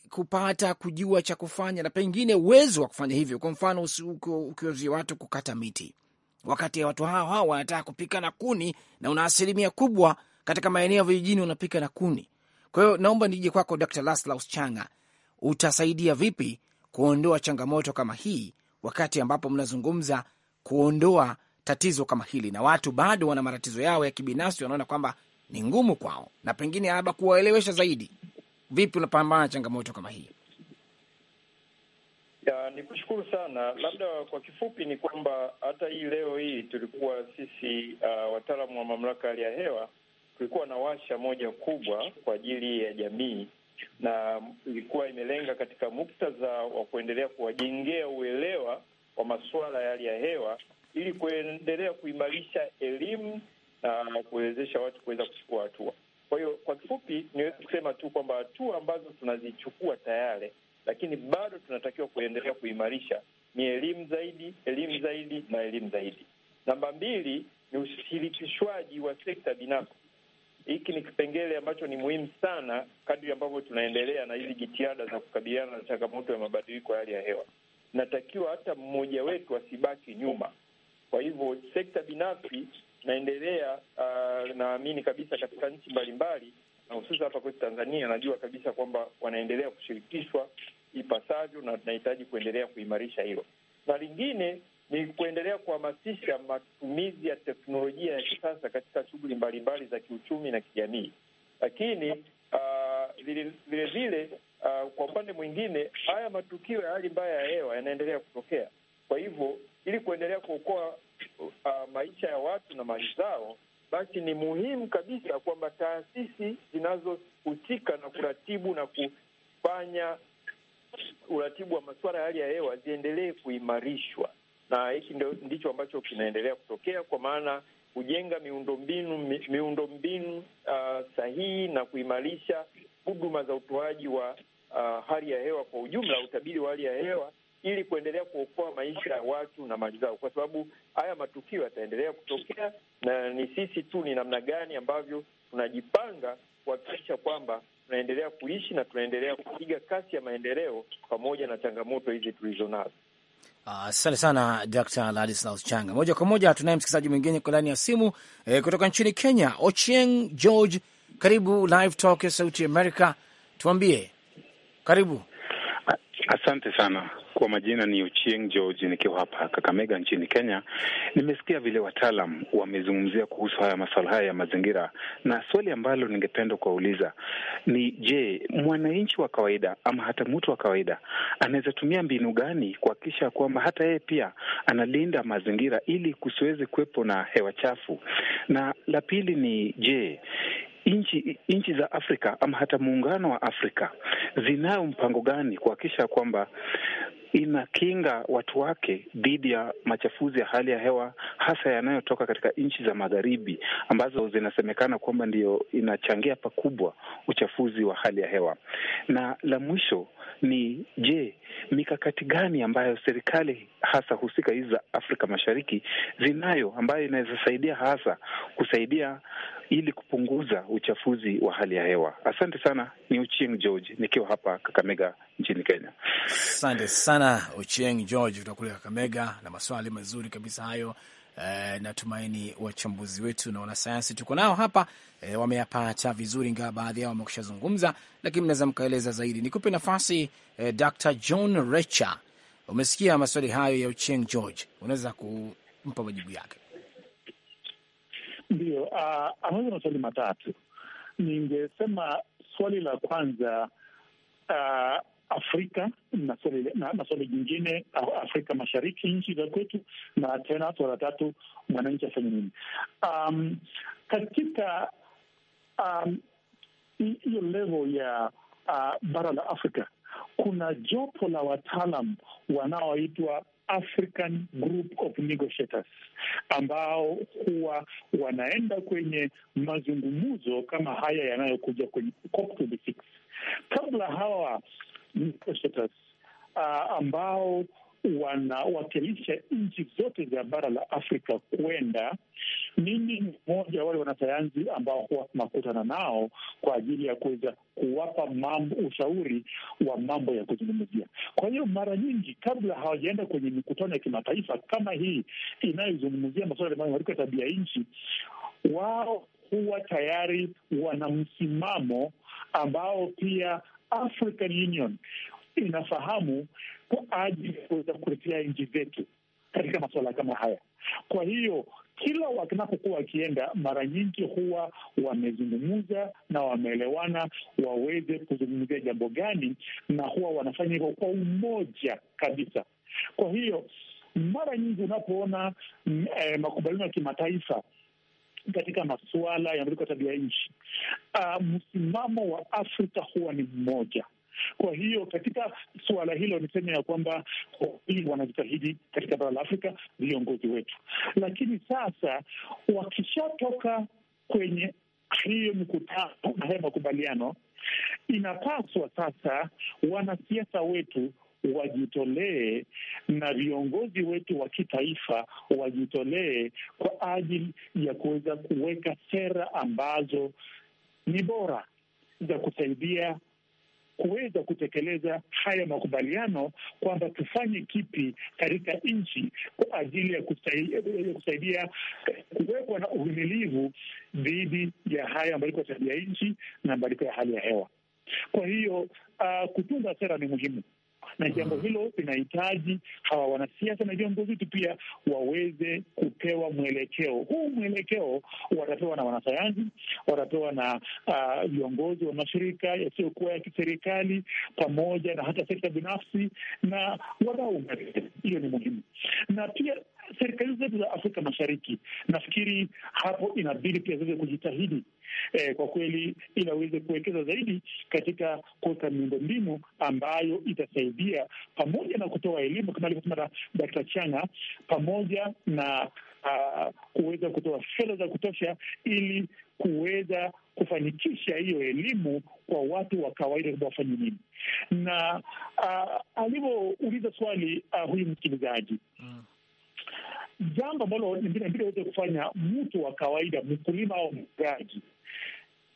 kupata kujua cha kufanya na pengine uwezo wa kufanya hivyo. Kwa mfano, ukiwazuia watu kukata miti, wakati watu hao hao wanataka kupika na kuni, na una asilimia kubwa katika maeneo ya vijijini unapika na kuni. Kwa hiyo naomba nije kwako Dr. Laslaus Changa, utasaidia vipi kuondoa changamoto kama hii, wakati ambapo mnazungumza kuondoa tatizo kama hili, na watu bado wana matatizo yao ya kibinafsi, wanaona kwamba ni ngumu kwao, na pengine labda kuwaelewesha zaidi. Vipi unapambana na changamoto kama hii? Ya, ni kushukuru sana. Labda kwa kifupi ni kwamba hata hii leo hii tulikuwa sisi uh, wataalamu wa mamlaka hali ya hewa tulikuwa na washa moja kubwa kwa ajili ya jamii, na ilikuwa imelenga katika muktadha wa kuendelea kuwajengea uelewa wa masuala ya hali ya hewa ili kuendelea kuimarisha elimu na kuwezesha watu kuweza kuchukua hatua. Kwa hiyo kwa kifupi, niweze kusema tu kwamba hatua ambazo tunazichukua tayari, lakini bado tunatakiwa kuendelea kuimarisha ni elimu zaidi, elimu zaidi na elimu zaidi. Namba mbili ni ushirikishwaji wa sekta binafsi. Hiki ni kipengele ambacho ni muhimu sana kadri ambavyo tunaendelea na hizi jitihada za kukabiliana na changamoto ya mabadiliko ya hali ya hewa. Natakiwa hata mmoja wetu asibaki nyuma, kwa hivyo sekta binafsi naendelea uh, naamini kabisa katika nchi mbalimbali na hususan hapa kwetu Tanzania, najua kabisa kwamba wanaendelea kushirikishwa ipasavyo, na tunahitaji kuendelea kuimarisha hilo, na lingine ni kuendelea kuhamasisha matumizi ya teknolojia ya kisasa katika shughuli mbalimbali za kiuchumi na kijamii. Lakini uh, vile uh, kwa upande mwingine haya matukio ya hali mbaya ya hewa yanaendelea kutokea, kwa hivyo ili kuendelea kuokoa uh, maisha ya watu na mali zao, basi ni muhimu kabisa kwamba taasisi zinazohusika na kuratibu na kufanya uratibu wa masuala ya hali ya hewa ziendelee kuimarishwa, na hiki ndicho ambacho kinaendelea kutokea kwa maana kujenga miundombinu mi, miundombinu uh, sahihi na kuimarisha huduma za utoaji wa uh, hali ya hewa kwa ujumla, utabiri wa hali ya hewa ili kuendelea kuokoa maisha ya watu na mali zao, kwa sababu haya matukio yataendelea kutokea, na ni sisi tu ni namna gani ambavyo tunajipanga kuhakikisha kwamba tunaendelea kuishi na tunaendelea kupiga kasi ya maendeleo pamoja na changamoto hizi tulizo nazo. Asante uh, sana Dr. Ladislaus Changa. Moja kwa moja tunaye msikilizaji mwingine kwa laini ya simu eh, kutoka nchini Kenya. Ochieng George, karibu Live Talk ya Sauti america Tuambie, karibu. Asante sana. Kwa majina ni Uchieng George, nikiwa hapa Kakamega nchini Kenya. Nimesikia vile wataalam wamezungumzia kuhusu haya masuala haya ya mazingira, na swali ambalo ningependa kuwauliza ni je, mwananchi wa kawaida ama hata mtu wa kawaida anaweza tumia mbinu gani kuhakikisha kwamba hata yeye pia analinda mazingira ili kusiweze kuwepo na hewa chafu? Na la pili ni je, nchi nchi za Afrika ama hata muungano wa Afrika zinayo mpango gani kuhakikisha kwamba inakinga watu wake dhidi ya machafuzi ya hali ya hewa hasa yanayotoka katika nchi za magharibi ambazo zinasemekana kwamba ndio inachangia pakubwa uchafuzi wa hali ya hewa. Na la mwisho ni je, mikakati gani ambayo serikali hasa husika hizi za Afrika Mashariki zinayo ambayo inawezasaidia hasa kusaidia ili kupunguza uchafuzi wa hali ya hewa? Asante sana. Ni Uchieng George nikiwa hapa Kakamega nchini Kenya. Asante sana Ochieng George kutoka kule Kakamega, na maswali mazuri kabisa hayo. E, natumaini wachambuzi wetu na wanasayansi tuko nao hapa e, wameyapata vizuri, ingawa baadhi yao wamekusha zungumza, lakini mnaweza mkaeleza zaidi. Nikupe nafasi e, Dr. John Recha, umesikia maswali hayo ya Ochieng George, unaweza kumpa majibu yake? Ndio, uh, ah, amaza maswali matatu. Ningesema swali la kwanza uh, Afrika na swali jingine Afrika Mashariki, nchi za kwetu, na tena swala tatu, mwananchi afanye nini? Um, katika um, hiyo um, level ya uh, bara la Afrika kuna jopo la wataalam wanaoitwa African Group of Negotiators ambao huwa wanaenda kwenye mazungumzo kama haya yanayokuja kwenye COP26. Kabla hawa status, uh, ambao wanawakilisha nchi zote za bara la Afrika kwenda. Mimi ni mmoja wale wanasayansi ambao huwa tunakutana nao kwa ajili ya kuweza kuwapa mambo ushauri wa mambo ya kuzungumzia. Kwa hiyo mara nyingi kabla hawajaenda kwenye mikutano ya kimataifa kama hii inayozungumzia masuala ya mabadiliko ya tabia nchi, wao huwa tayari wana msimamo ambao pia African Union inafahamu kwa ajili ya kuweza kuletea nchi zetu katika masuala kama haya. Kwa hiyo kila wanapokuwa wakienda, mara nyingi huwa wamezungumza na wameelewana waweze kuzungumzia jambo gani, na huwa wanafanya hivyo kwa umoja kabisa. Kwa hiyo mara nyingi unapoona eh, makubaliano ya kimataifa katika masuala ya mabadiliko ya tabia nchi, uh, msimamo wa Afrika huwa ni mmoja. Kwa hiyo katika suala hilo niseme ya kwamba hii wanajitahidi katika bara la Afrika viongozi wetu, lakini sasa wakishatoka kwenye hiyo mikutano na haya makubaliano, inapaswa sasa wanasiasa wetu wajitolee na viongozi wetu wa kitaifa wajitolee kwa ajili ya kuweza kuweka sera ambazo ni bora za kusaidia kuweza kutekeleza haya makubaliano, kwamba tufanye kipi katika nchi kwa ajili ya kusaidia kuwekwa na uvumilivu dhidi ya haya mabadiliko ya tabia nchi na mabadiliko ya hali ya hewa. Kwa hiyo uh, ah, kutunga sera ni muhimu, na jambo hilo linahitaji hawa wanasiasa na viongozi wetu pia waweze kupewa mwelekeo. Huu mwelekeo watapewa na wanasayansi, watapewa na ah, viongozi uh, wa mashirika yasiyokuwa ya kiserikali, pamoja na hata sekta binafsi na wadau. Hiyo ni muhimu, na pia serikali zetu za Afrika Mashariki, nafikiri hapo inabidi pia ziweze kujitahidi e, kwa kweli, ili aweze kuwekeza zaidi katika kuweka miundo mbinu ambayo itasaidia pamoja na kutoa elimu kama alivyosema dakta Changa, pamoja na uh, kuweza kutoa fedha za kutosha ili kuweza kufanikisha hiyo elimu kwa watu wa kawaida ambao wafanye nini, na uh, alivyouliza swali uh, huyu msikilizaji mm jambo ambalo lingine aweze kufanya mtu wa kawaida, mkulima au mfugaji,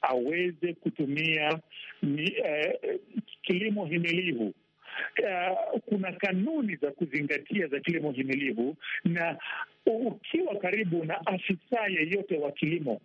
aweze kutumia ni, eh, kilimo himilivu. Uh, kuna kanuni za kuzingatia za kilimo himilivu, na ukiwa karibu na afisa yeyote wa kilimo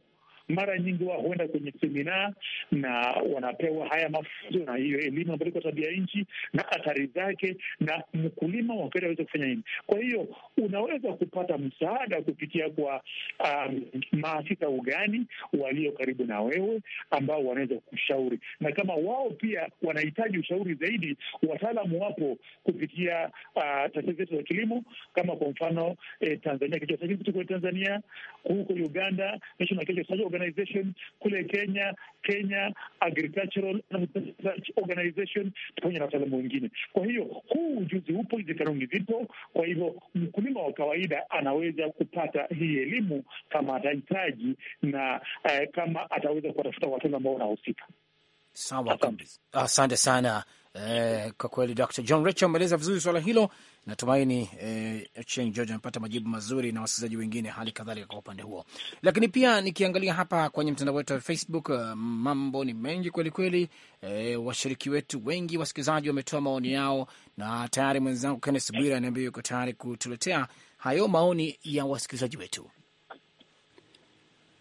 mara nyingi wao huenda kwenye semina na wanapewa haya mafunzo na hiyo elimu ya mabadiliko ya tabia nchi na athari zake, na mkulima wa aweze kufanya nini. Kwa hiyo unaweza kupata msaada kupitia kwa um, maafisa ugani walio karibu na wewe ambao wanaweza kushauri, na kama wao pia wanahitaji ushauri zaidi, wataalamu wapo kupitia uh, taasisi zetu za kilimo, kama kwa mfano eh, Tanzania, kichwa Tanzania, huko Uganda National Organization kule Kenya, Kenya Agricultural Research Organization pamoja na wataalamu wengine. Kwa hiyo huu ujuzi upo, hizi kanuni zipo. Kwa hivyo mkulima wa kawaida anaweza kupata hii elimu kama atahitaji na eh, kama ataweza kuwatafuta watu ambao wanahusika. Sawa, asante sana eh, kwa kweli Dr. John Recho ameeleza vizuri swala hilo Natumaini eh, George amepata majibu mazuri na wasikilizaji wengine hali kadhalika kwa upande huo. Lakini pia nikiangalia hapa kwenye mtandao wetu wa Facebook, uh, mambo ni mengi kwelikweli. Eh, washiriki wetu wengi, wasikilizaji wametoa maoni yao, na tayari mwenzangu Kenneth Bwira anaambia yuko tayari kutuletea hayo maoni ya wasikilizaji wetu.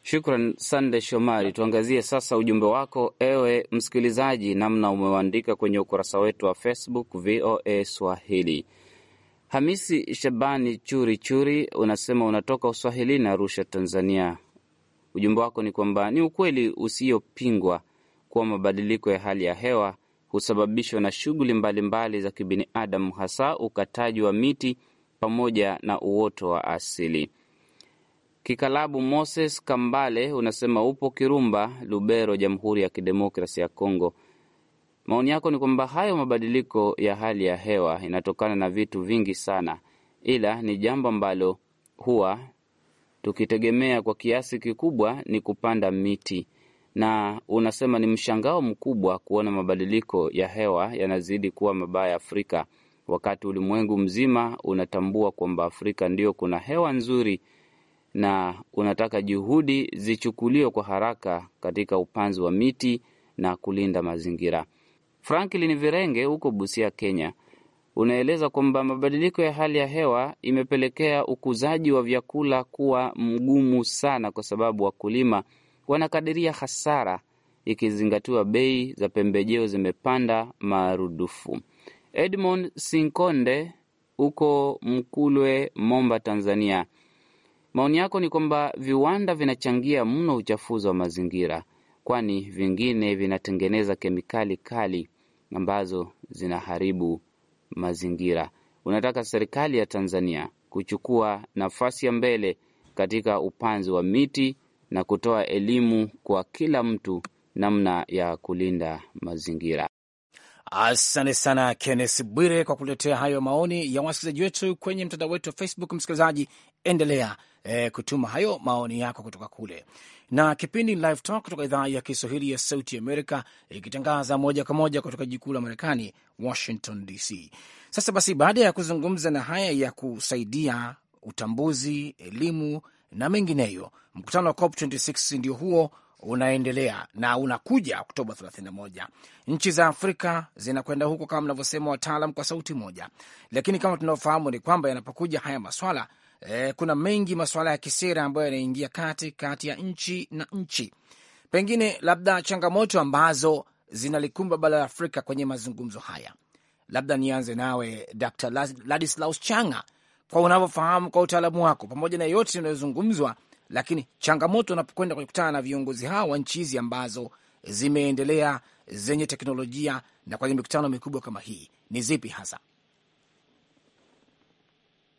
Shukran Sande Shomari, tuangazie sasa ujumbe wako ewe msikilizaji, namna umeandika kwenye ukurasa wetu wa Facebook VOA Swahili. Hamisi Shabani Churi Churi unasema unatoka Uswahilini, Arusha, Tanzania. Ujumbe wako ni kwamba ni ukweli usiyopingwa kuwa mabadiliko ya hali ya hewa husababishwa na shughuli mbalimbali za kibinadamu, hasa ukataji wa miti pamoja na uoto wa asili. Kikalabu Moses Kambale unasema upo Kirumba, Lubero, Jamhuri ya Kidemokrasi ya Kongo. Maoni yako ni kwamba hayo mabadiliko ya hali ya hewa inatokana na vitu vingi sana, ila ni jambo ambalo huwa tukitegemea kwa kiasi kikubwa ni kupanda miti, na unasema ni mshangao mkubwa kuona mabadiliko ya hewa yanazidi kuwa mabaya Afrika, wakati ulimwengu mzima unatambua kwamba Afrika ndio kuna hewa nzuri, na unataka juhudi zichukuliwe kwa haraka katika upanzi wa miti na kulinda mazingira. Franklin Virenge huko Busia, Kenya, unaeleza kwamba mabadiliko ya hali ya hewa imepelekea ukuzaji wa vyakula kuwa mgumu sana, kwa sababu wakulima wanakadiria hasara ikizingatiwa bei za pembejeo zimepanda marudufu. Edmond Sinkonde huko Mkulwe, Momba, Tanzania, maoni yako ni kwamba viwanda vinachangia mno uchafuzi wa mazingira, kwani vingine vinatengeneza kemikali kali ambazo zinaharibu mazingira. Unataka serikali ya Tanzania kuchukua nafasi ya mbele katika upanzi wa miti na kutoa elimu kwa kila mtu namna ya kulinda mazingira. Asante sana Kennes Bwire kwa kuletea hayo maoni ya wasikilizaji wetu kwenye mtandao wetu wa Facebook. Msikilizaji, endelea eh, kutuma hayo maoni yako kutoka kule na kipindi Live Talk kutoka idhaa ya Kiswahili ya Sauti Amerika, ikitangaza moja kwa moja kutoka jiji kuu la Marekani, Washington DC. Sasa basi, baada ya kuzungumza na haya ya kusaidia utambuzi, elimu na mengineyo, mkutano wa COP 26 ndio huo unaendelea na unakuja Oktoba 31. Nchi za Afrika zinakwenda huko kama mnavyosema wataalam kwa sauti moja, lakini kama tunavyofahamu ni kwamba yanapokuja haya maswala e, kuna mengi masuala ya kisera ambayo yanaingia kati kati ya nchi na nchi, pengine labda changamoto ambazo zinalikumba bara la Afrika kwenye mazungumzo haya. Labda nianze nawe Dr. Ladislaus Changa, kwa unavyofahamu, kwa utaalamu wako, pamoja na yote inayozungumzwa, lakini changamoto unapokwenda kwenye kukutana na viongozi hawa wa nchi hizi ambazo zimeendelea zenye teknolojia na kwenye mikutano mikubwa kama hii, ni zipi hasa?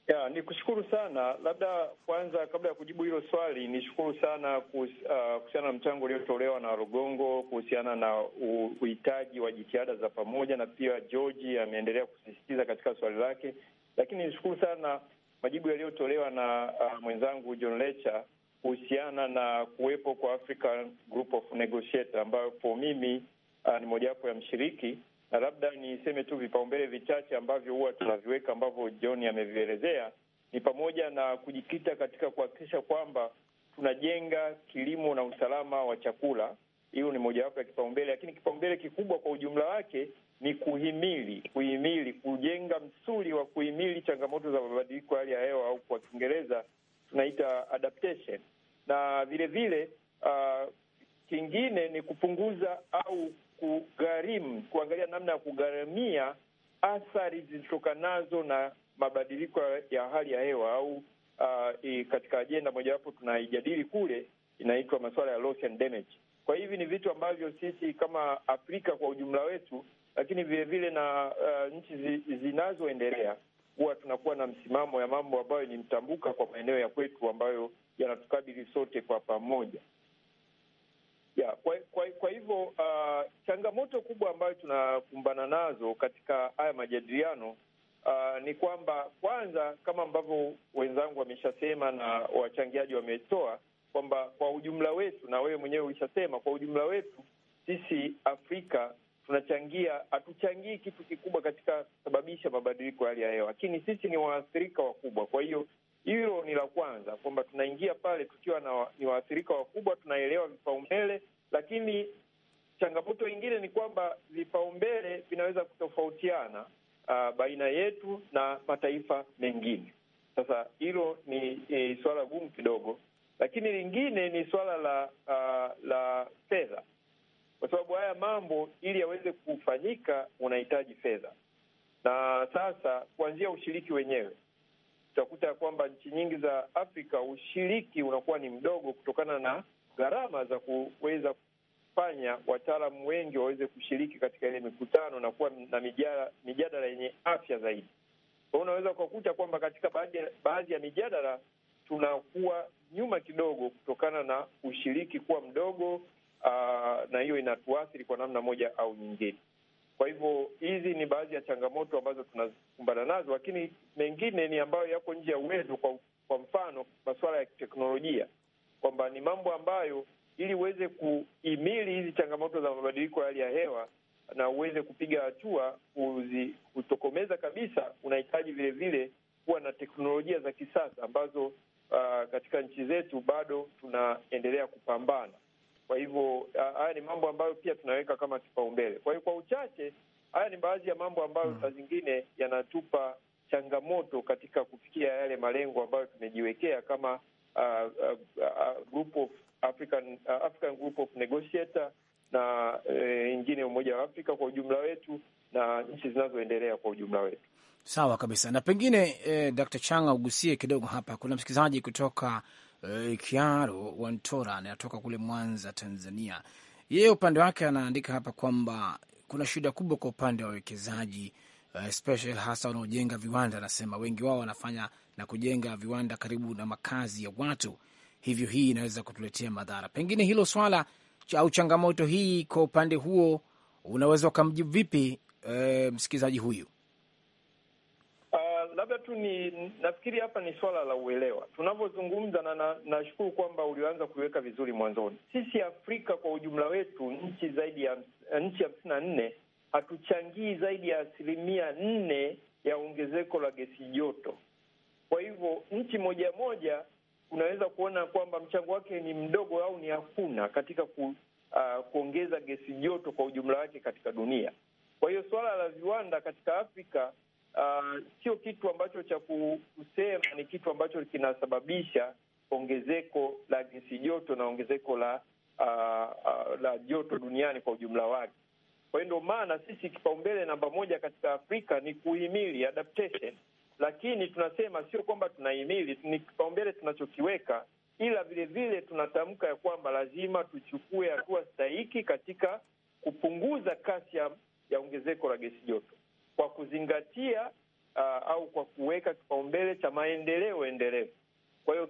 Ya, ni kushukuru sana. Labda kwanza kabla ya kujibu hilo swali nishukuru sana ah, kuhusiana na mchango uliotolewa na Rugongo kuhusiana na uhitaji wa jitihada za pamoja, na pia George ameendelea kusisitiza katika swali lake, lakini nishukuru sana majibu yaliyotolewa na uh, mwenzangu John Lecha kuhusiana na kuwepo kwa African Group of Negotiator ambayo kwa mimi uh, ni mojawapo ya mshiriki na labda niseme tu vipaumbele vichache ambavyo huwa tunaviweka ambavyo John amevielezea ni pamoja na kujikita katika kuhakikisha kwamba tunajenga kilimo na usalama wa chakula. Hiyo ni mojawapo ya kipaumbele, lakini kipaumbele kikubwa kwa ujumla wake ni kuhimili, kuhimili, kujenga msuli wa kuhimili changamoto za mabadiliko ya hali ya hewa au kwa Kiingereza tunaita adaptation, na vilevile vile, uh, kingine ni kupunguza au kugharimu, kuangalia namna ya kugharamia athari zilitokanazo na mabadiliko ya hali ya hewa au uh, katika ajenda mojawapo tunaijadili kule inaitwa masuala ya loss and damage. Kwa hivi ni vitu ambavyo sisi kama Afrika kwa ujumla wetu, lakini vilevile na uh, nchi zinazoendelea huwa tunakuwa na msimamo ya mambo ambayo ni mtambuka kwa maeneo ya kwetu ambayo yanatukabili sote kwa pamoja. Yeah, kwa, kwa, kwa hivyo uh, changamoto kubwa ambayo tunakumbana nazo katika haya majadiliano uh, ni kwamba kwanza, kama ambavyo wenzangu wameshasema na wachangiaji wametoa kwamba kwa ujumla wetu, na wewe mwenyewe ulishasema, kwa ujumla wetu sisi Afrika tunachangia, hatuchangii kitu kikubwa katika kusababisha mabadiliko ya hali ya hewa, lakini sisi ni waathirika wakubwa. Kwa hiyo hilo ni la kwanza, kwamba tunaingia pale tukiwa na ni waathirika wakubwa, tunaelewa vipaumbele, lakini changamoto ingine ni kwamba vipaumbele vinaweza kutofautiana uh, baina yetu na mataifa mengine. Sasa hilo ni e, suala gumu kidogo, lakini lingine ni suala la uh, la fedha, kwa sababu haya mambo ili yaweze kufanyika unahitaji fedha, na sasa kuanzia ushiriki wenyewe utakuta ya kwamba nchi nyingi za Afrika ushiriki unakuwa ni mdogo kutokana na gharama za kuweza kufanya wataalamu wengi waweze kushiriki katika ile mikutano na kuwa na mijadala yenye afya zaidi. Kwa unaweza ukakuta kwamba katika baadhi, baadhi ya mijadala tunakuwa nyuma kidogo kutokana na ushiriki kuwa mdogo. Aa, na hiyo inatuathiri kwa namna moja au nyingine. Kwa hivyo hizi ni baadhi ya changamoto ambazo tunakumbana nazo, lakini mengine ni ambayo yako nje ya uwezo. Kwa, kwa mfano masuala ya teknolojia, kwamba ni mambo ambayo ili uweze kuhimili hizi changamoto za mabadiliko ya hali ya hewa na uweze kupiga hatua kutokomeza kabisa, unahitaji vilevile kuwa na teknolojia za kisasa ambazo, uh, katika nchi zetu bado tunaendelea kupambana kwa hivyo haya ni mambo ambayo pia tunaweka kama kipaumbele. Kwa hiyo kwa uchache, haya ni baadhi ya mambo ambayo mm. saa zingine yanatupa changamoto katika kufikia yale malengo ambayo tumejiwekea kama uh, uh, uh, group of African, uh, African group of negotiator na e, ingine Umoja wa Afrika kwa ujumla wetu na nchi zinazoendelea kwa ujumla wetu. Sawa kabisa, na pengine eh, Dr. Chang ugusie kidogo hapa. Kuna msikilizaji kutoka Eh, Kiaro Wantora anatoka kule Mwanza, Tanzania. Yeye upande wake anaandika hapa kwamba kuna shida kubwa kwa upande wa wawekezaji uh, eh, special hasa wanaojenga viwanda. Anasema wengi wao wanafanya na kujenga viwanda karibu na makazi ya watu, hivyo hii inaweza kutuletea madhara. Pengine hilo swala au changamoto hii kwa upande huo unaweza ukamjibu vipi, uh, msikilizaji huyu? labda tu ni nafikiri hapa ni swala la uelewa tunavyozungumza, na nashukuru na kwamba ulianza kuiweka vizuri mwanzoni. Sisi Afrika kwa ujumla wetu, nchi zaidi ya nchi hamsini na nne hatuchangii zaidi ya asilimia nne ya ongezeko la gesi joto. Kwa hivyo nchi moja moja unaweza kuona kwamba mchango wake ni mdogo au ni hakuna katika ku, uh, kuongeza gesi joto kwa ujumla wake katika dunia. Kwa hiyo suala la viwanda katika Afrika Uh, sio uh, kitu ambacho cha kusema ni kitu ambacho kinasababisha ongezeko la gesi joto na ongezeko la uh, uh, la joto duniani kwa ujumla wake. Kwa hiyo ndio maana sisi kipaumbele namba moja katika Afrika ni kuhimili adaptation, lakini tunasema sio kwamba tunahimili, ni kipaumbele tunachokiweka, ila vilevile tunatamka ya kwamba lazima tuchukue hatua stahiki katika kupunguza kasi ya ongezeko la gesi joto kwa kuzingatia uh, au kwa kuweka kipaumbele cha maendeleo endelevu. Kwa hiyo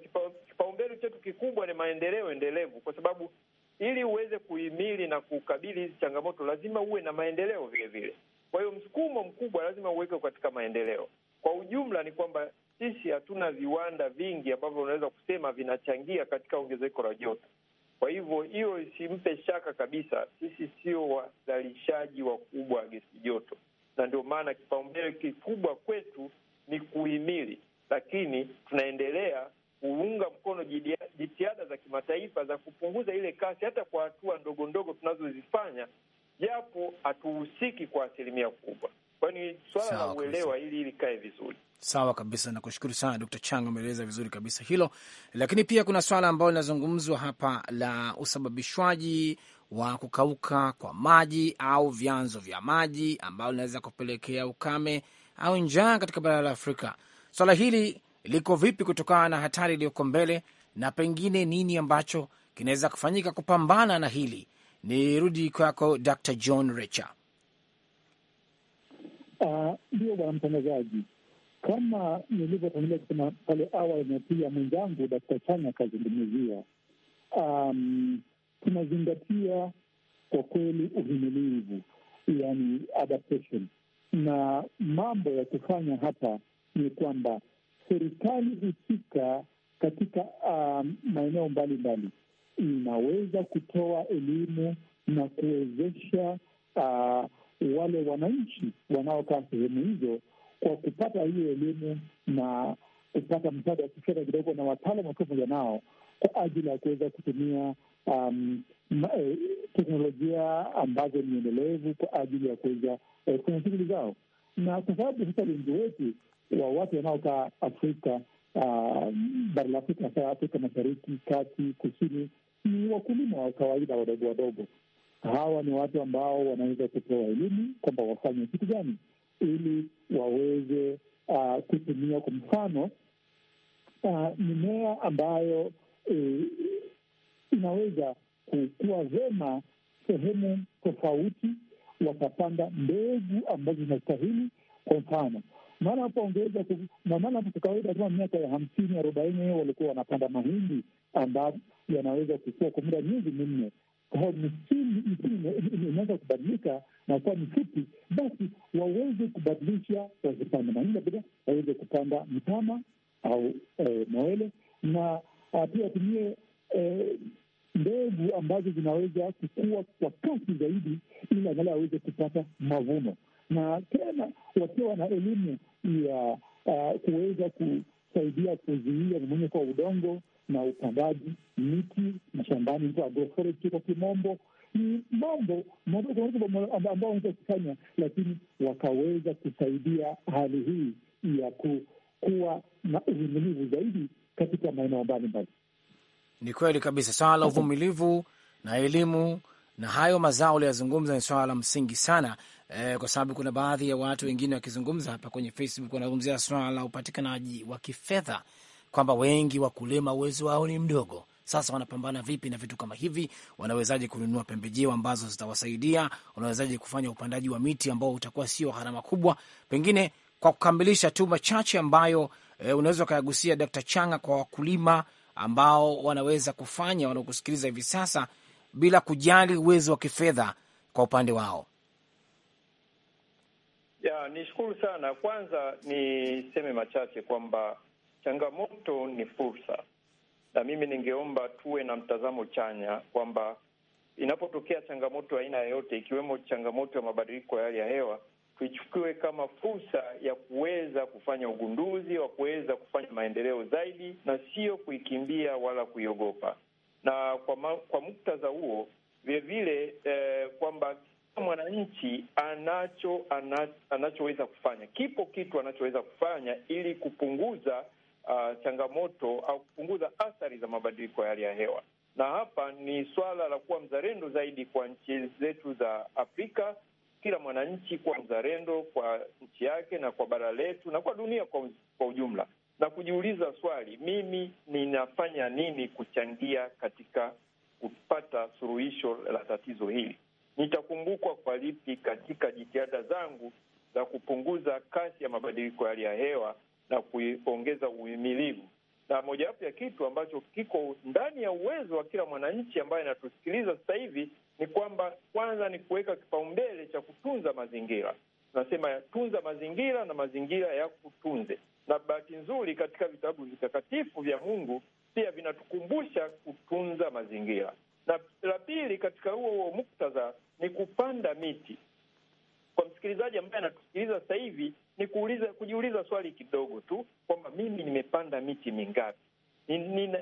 kipaumbele chetu kikubwa ni maendeleo endelevu, kwa sababu ili uweze kuhimili na kukabili hizi changamoto lazima uwe na maendeleo vile vile. Kwa hiyo msukumo mkubwa lazima uweke katika maendeleo. Kwa ujumla ni kwamba sisi hatuna viwanda vingi ambavyo unaweza kusema vinachangia katika ongezeko la joto. Kwa hivyo hiyo isimpe shaka kabisa, sisi sio wazalishaji wakubwa wa gesi joto na ndio maana kipaumbele kikubwa kwetu ni kuhimili, lakini tunaendelea kuunga mkono jitihada za kimataifa za kupunguza ile kasi, hata kwa hatua ndogo ndogo tunazozifanya, japo hatuhusiki kwa asilimia kubwa. ni swala la uelewa ili likae vizuri. Sawa kabisa, nakushukuru sana Dkt. Chang, ameeleza vizuri kabisa hilo. Lakini pia kuna swala ambalo linazungumzwa hapa la usababishwaji wa kukauka kwa maji au vyanzo vya maji ambayo linaweza kupelekea ukame au njaa katika bara la Afrika. Swala hili liko vipi kutokana na hatari iliyoko mbele na pengine nini ambacho kinaweza kufanyika kupambana na hili? Nirudi kwako Dr. John Richa. Ah, ndio, uh, bwana mtangazaji, kama nilivyotangulia kusema pale awali na pia mwenzangu Dr. Chanya akazungumzia um, tunazingatia kwa kweli uhimilivu, yani adaptation, na mambo ya kufanya hapa ni kwamba serikali husika katika um, maeneo mbalimbali inaweza kutoa elimu na kuwezesha uh, wale wananchi wanaokaa sehemu hizo kwa kupata hiyo elimu na kupata msaada wa kifedha kidogo na wataalam wakiwa pamoja nao kwa ajili ya kuweza kutumia um, e, teknolojia ambazo ni endelevu kwa ajili ya kuweza e, kufanya shughuli zao, na kwa sababu sasa wengi wetu wa watu wanaokaa Afrika uh, bara la Afrika hasa Afrika Mashariki, Kati, Kusini ni wakulima wa kawaida wadogo wadogo. Hawa ni watu ambao wanaweza kupewa elimu kwamba wafanye kitu gani ili waweze uh, kutumia kwa mfano uh, mimea ambayo e, inaweza kuwa vema sehemu tofauti wakapanda mbegu ambazo zinastahili kwa mfano maana hapo na maana hapo kwa kawaida kama miaka ya hamsini arobaini walikuwa wanapanda mahindi ambayo yanaweza kukua kwa muda miezi minne. Kwa kubadilika na kuwa mifupi, basi waweze kubadilisha, wasipande mahindi waweze kupanda mtama au e, eh, mawele na Ah, pia watumie eh, mbegu ambazo zinaweza kukua kwa kasi zaidi, ili anale aweze kupata mavuno, na tena wakiwa na elimu ya uh, kuweza kusaidia kuzuia mmomonyoko wa udongo na upandaji miti mashambani, agroforestry kwa kimombo. Ni mambo ambao wanaweza kufanya, lakini wakaweza kusaidia hali hii ya kukuwa na uvumilivu zaidi katika maeneo mbalimbali. Ni kweli kabisa, swala la uvumilivu na elimu na hayo mazao uliyazungumza ni swala la msingi sana eh, kwa sababu kuna baadhi ya watu wengine wakizungumza hapa kwenye Facebook wanazungumzia swala la upatikanaji wa kifedha, kwamba wengi wakulima uwezo wao ni mdogo. Sasa wanapambana vipi na vitu kama hivi? Wanawezaje kununua pembejeo ambazo zitawasaidia? Wanawezaje kufanya upandaji wa miti ambao utakuwa sio gharama kubwa? Pengine kwa kukamilisha tu machache ambayo e, unaweza ukayagusia Dr. Changa, kwa wakulima ambao wanaweza kufanya wanaokusikiliza hivi sasa bila kujali uwezo wa kifedha kwa upande wao? Ya, nishukuru sana. Kwanza niseme machache kwamba changamoto ni fursa, na mimi ningeomba tuwe na mtazamo chanya kwamba inapotokea changamoto aina yoyote, ikiwemo changamoto ya mabadiliko ya hali ya hewa, tuichukue kama fursa ya kuweza kufanya ugunduzi wa kuweza kufanya maendeleo zaidi, na sio kuikimbia wala kuiogopa. Na kwa, ma, kwa muktadha huo vilevile eh, kwamba mwananchi anacho anachoweza kufanya, kipo kitu anachoweza kufanya ili kupunguza uh, changamoto au kupunguza athari za mabadiliko ya hali ya hewa, na hapa ni swala la kuwa mzalendo zaidi kwa nchi zetu za Afrika kila mwananchi kwa mzalendo kwa nchi yake na kwa bara letu na kwa dunia kwa, kwa ujumla na kujiuliza swali, mimi ninafanya nini kuchangia katika kupata suluhisho la tatizo hili? Nitakumbukwa kwa lipi katika jitihada zangu za kupunguza kasi ya mabadiliko ya hali ya hewa na kuongeza uhimilivu? Na mojawapo ya kitu ambacho kiko ndani ya uwezo wa kila mwananchi ambaye anatusikiliza sasa hivi ni kwamba kwanza ni kuweka kipaumbele cha kutunza mazingira. Tunasema tunza mazingira na mazingira ya kutunze, na bahati nzuri katika vitabu vitakatifu vya Mungu pia vinatukumbusha kutunza mazingira. Na la pili katika huo huo muktadha ni kupanda miti. Kwa msikilizaji ambaye anatusikiliza sasa hivi, ni kuuliza, kujiuliza swali kidogo tu kwamba mimi nimepanda miti mingapi?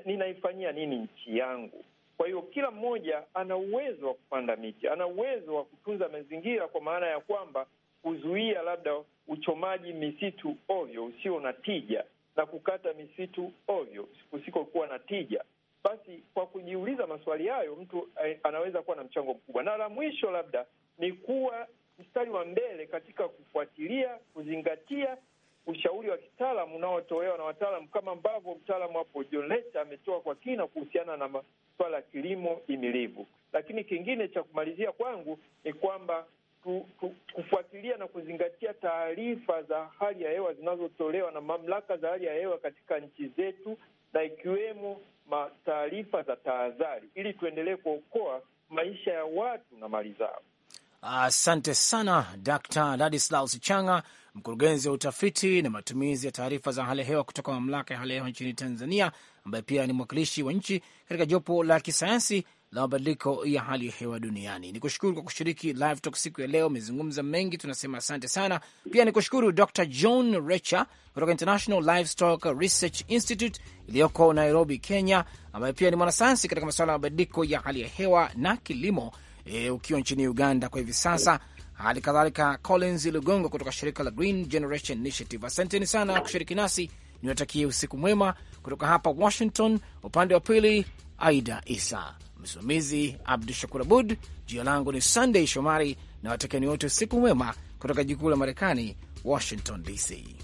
Ninaifanyia nini nchi yangu? Kwa hiyo kila mmoja ana uwezo wa kupanda miti, ana uwezo wa kutunza mazingira, kwa maana ya kwamba kuzuia labda uchomaji misitu ovyo usio na tija na kukata misitu ovyo kusikokuwa na tija. Basi kwa kujiuliza maswali hayo, mtu eh, anaweza kuwa na mchango mkubwa. Na la mwisho labda ni kuwa mstari wa mbele katika kufuatilia, kuzingatia ushauri wa kitaalamu unaotolewa na wataalamu, kama ambavyo mtaalamu hapo John ametoa kwa kina kuhusiana na swala la kilimo imilivu. Lakini kingine cha kumalizia kwangu ni kwamba tu, tu, kufuatilia na kuzingatia taarifa za hali ya hewa zinazotolewa na mamlaka za hali ya hewa katika nchi zetu na ikiwemo taarifa za tahadhari ili tuendelee kuokoa maisha ya watu na mali zao. Asante sana Dr. Ladislaus Changa, mkurugenzi wa utafiti na matumizi ya taarifa za hali ya hewa kutoka mamlaka ya hali ya hewa nchini Tanzania, ambaye pia ni mwakilishi wa nchi katika jopo la kisayansi la mabadiliko ya hali ya hewa duniani. Ni kushukuru kwa kushiriki live talk siku ya leo, amezungumza mengi, tunasema asante sana. Pia ni kushukuru Dr John Recha kutoka International Livestock Research Institute iliyoko Nairobi, Kenya, ambaye pia ni mwanasayansi katika masuala ya mabadiliko ya hali ya hewa na kilimo, e, ukiwa nchini Uganda kwa hivi sasa. Hali kadhalika Collins Lugongo kutoka shirika la Green Generation Initiative, asanteni sana kushiriki nasi niwatakie usiku mwema kutoka hapa Washington. Upande wa pili Aida Isa, msimamizi Abdu Shakur Abud. Jina langu ni Sunday Shomari na watakieni wote usiku mwema kutoka jikuu la Marekani, Washington DC.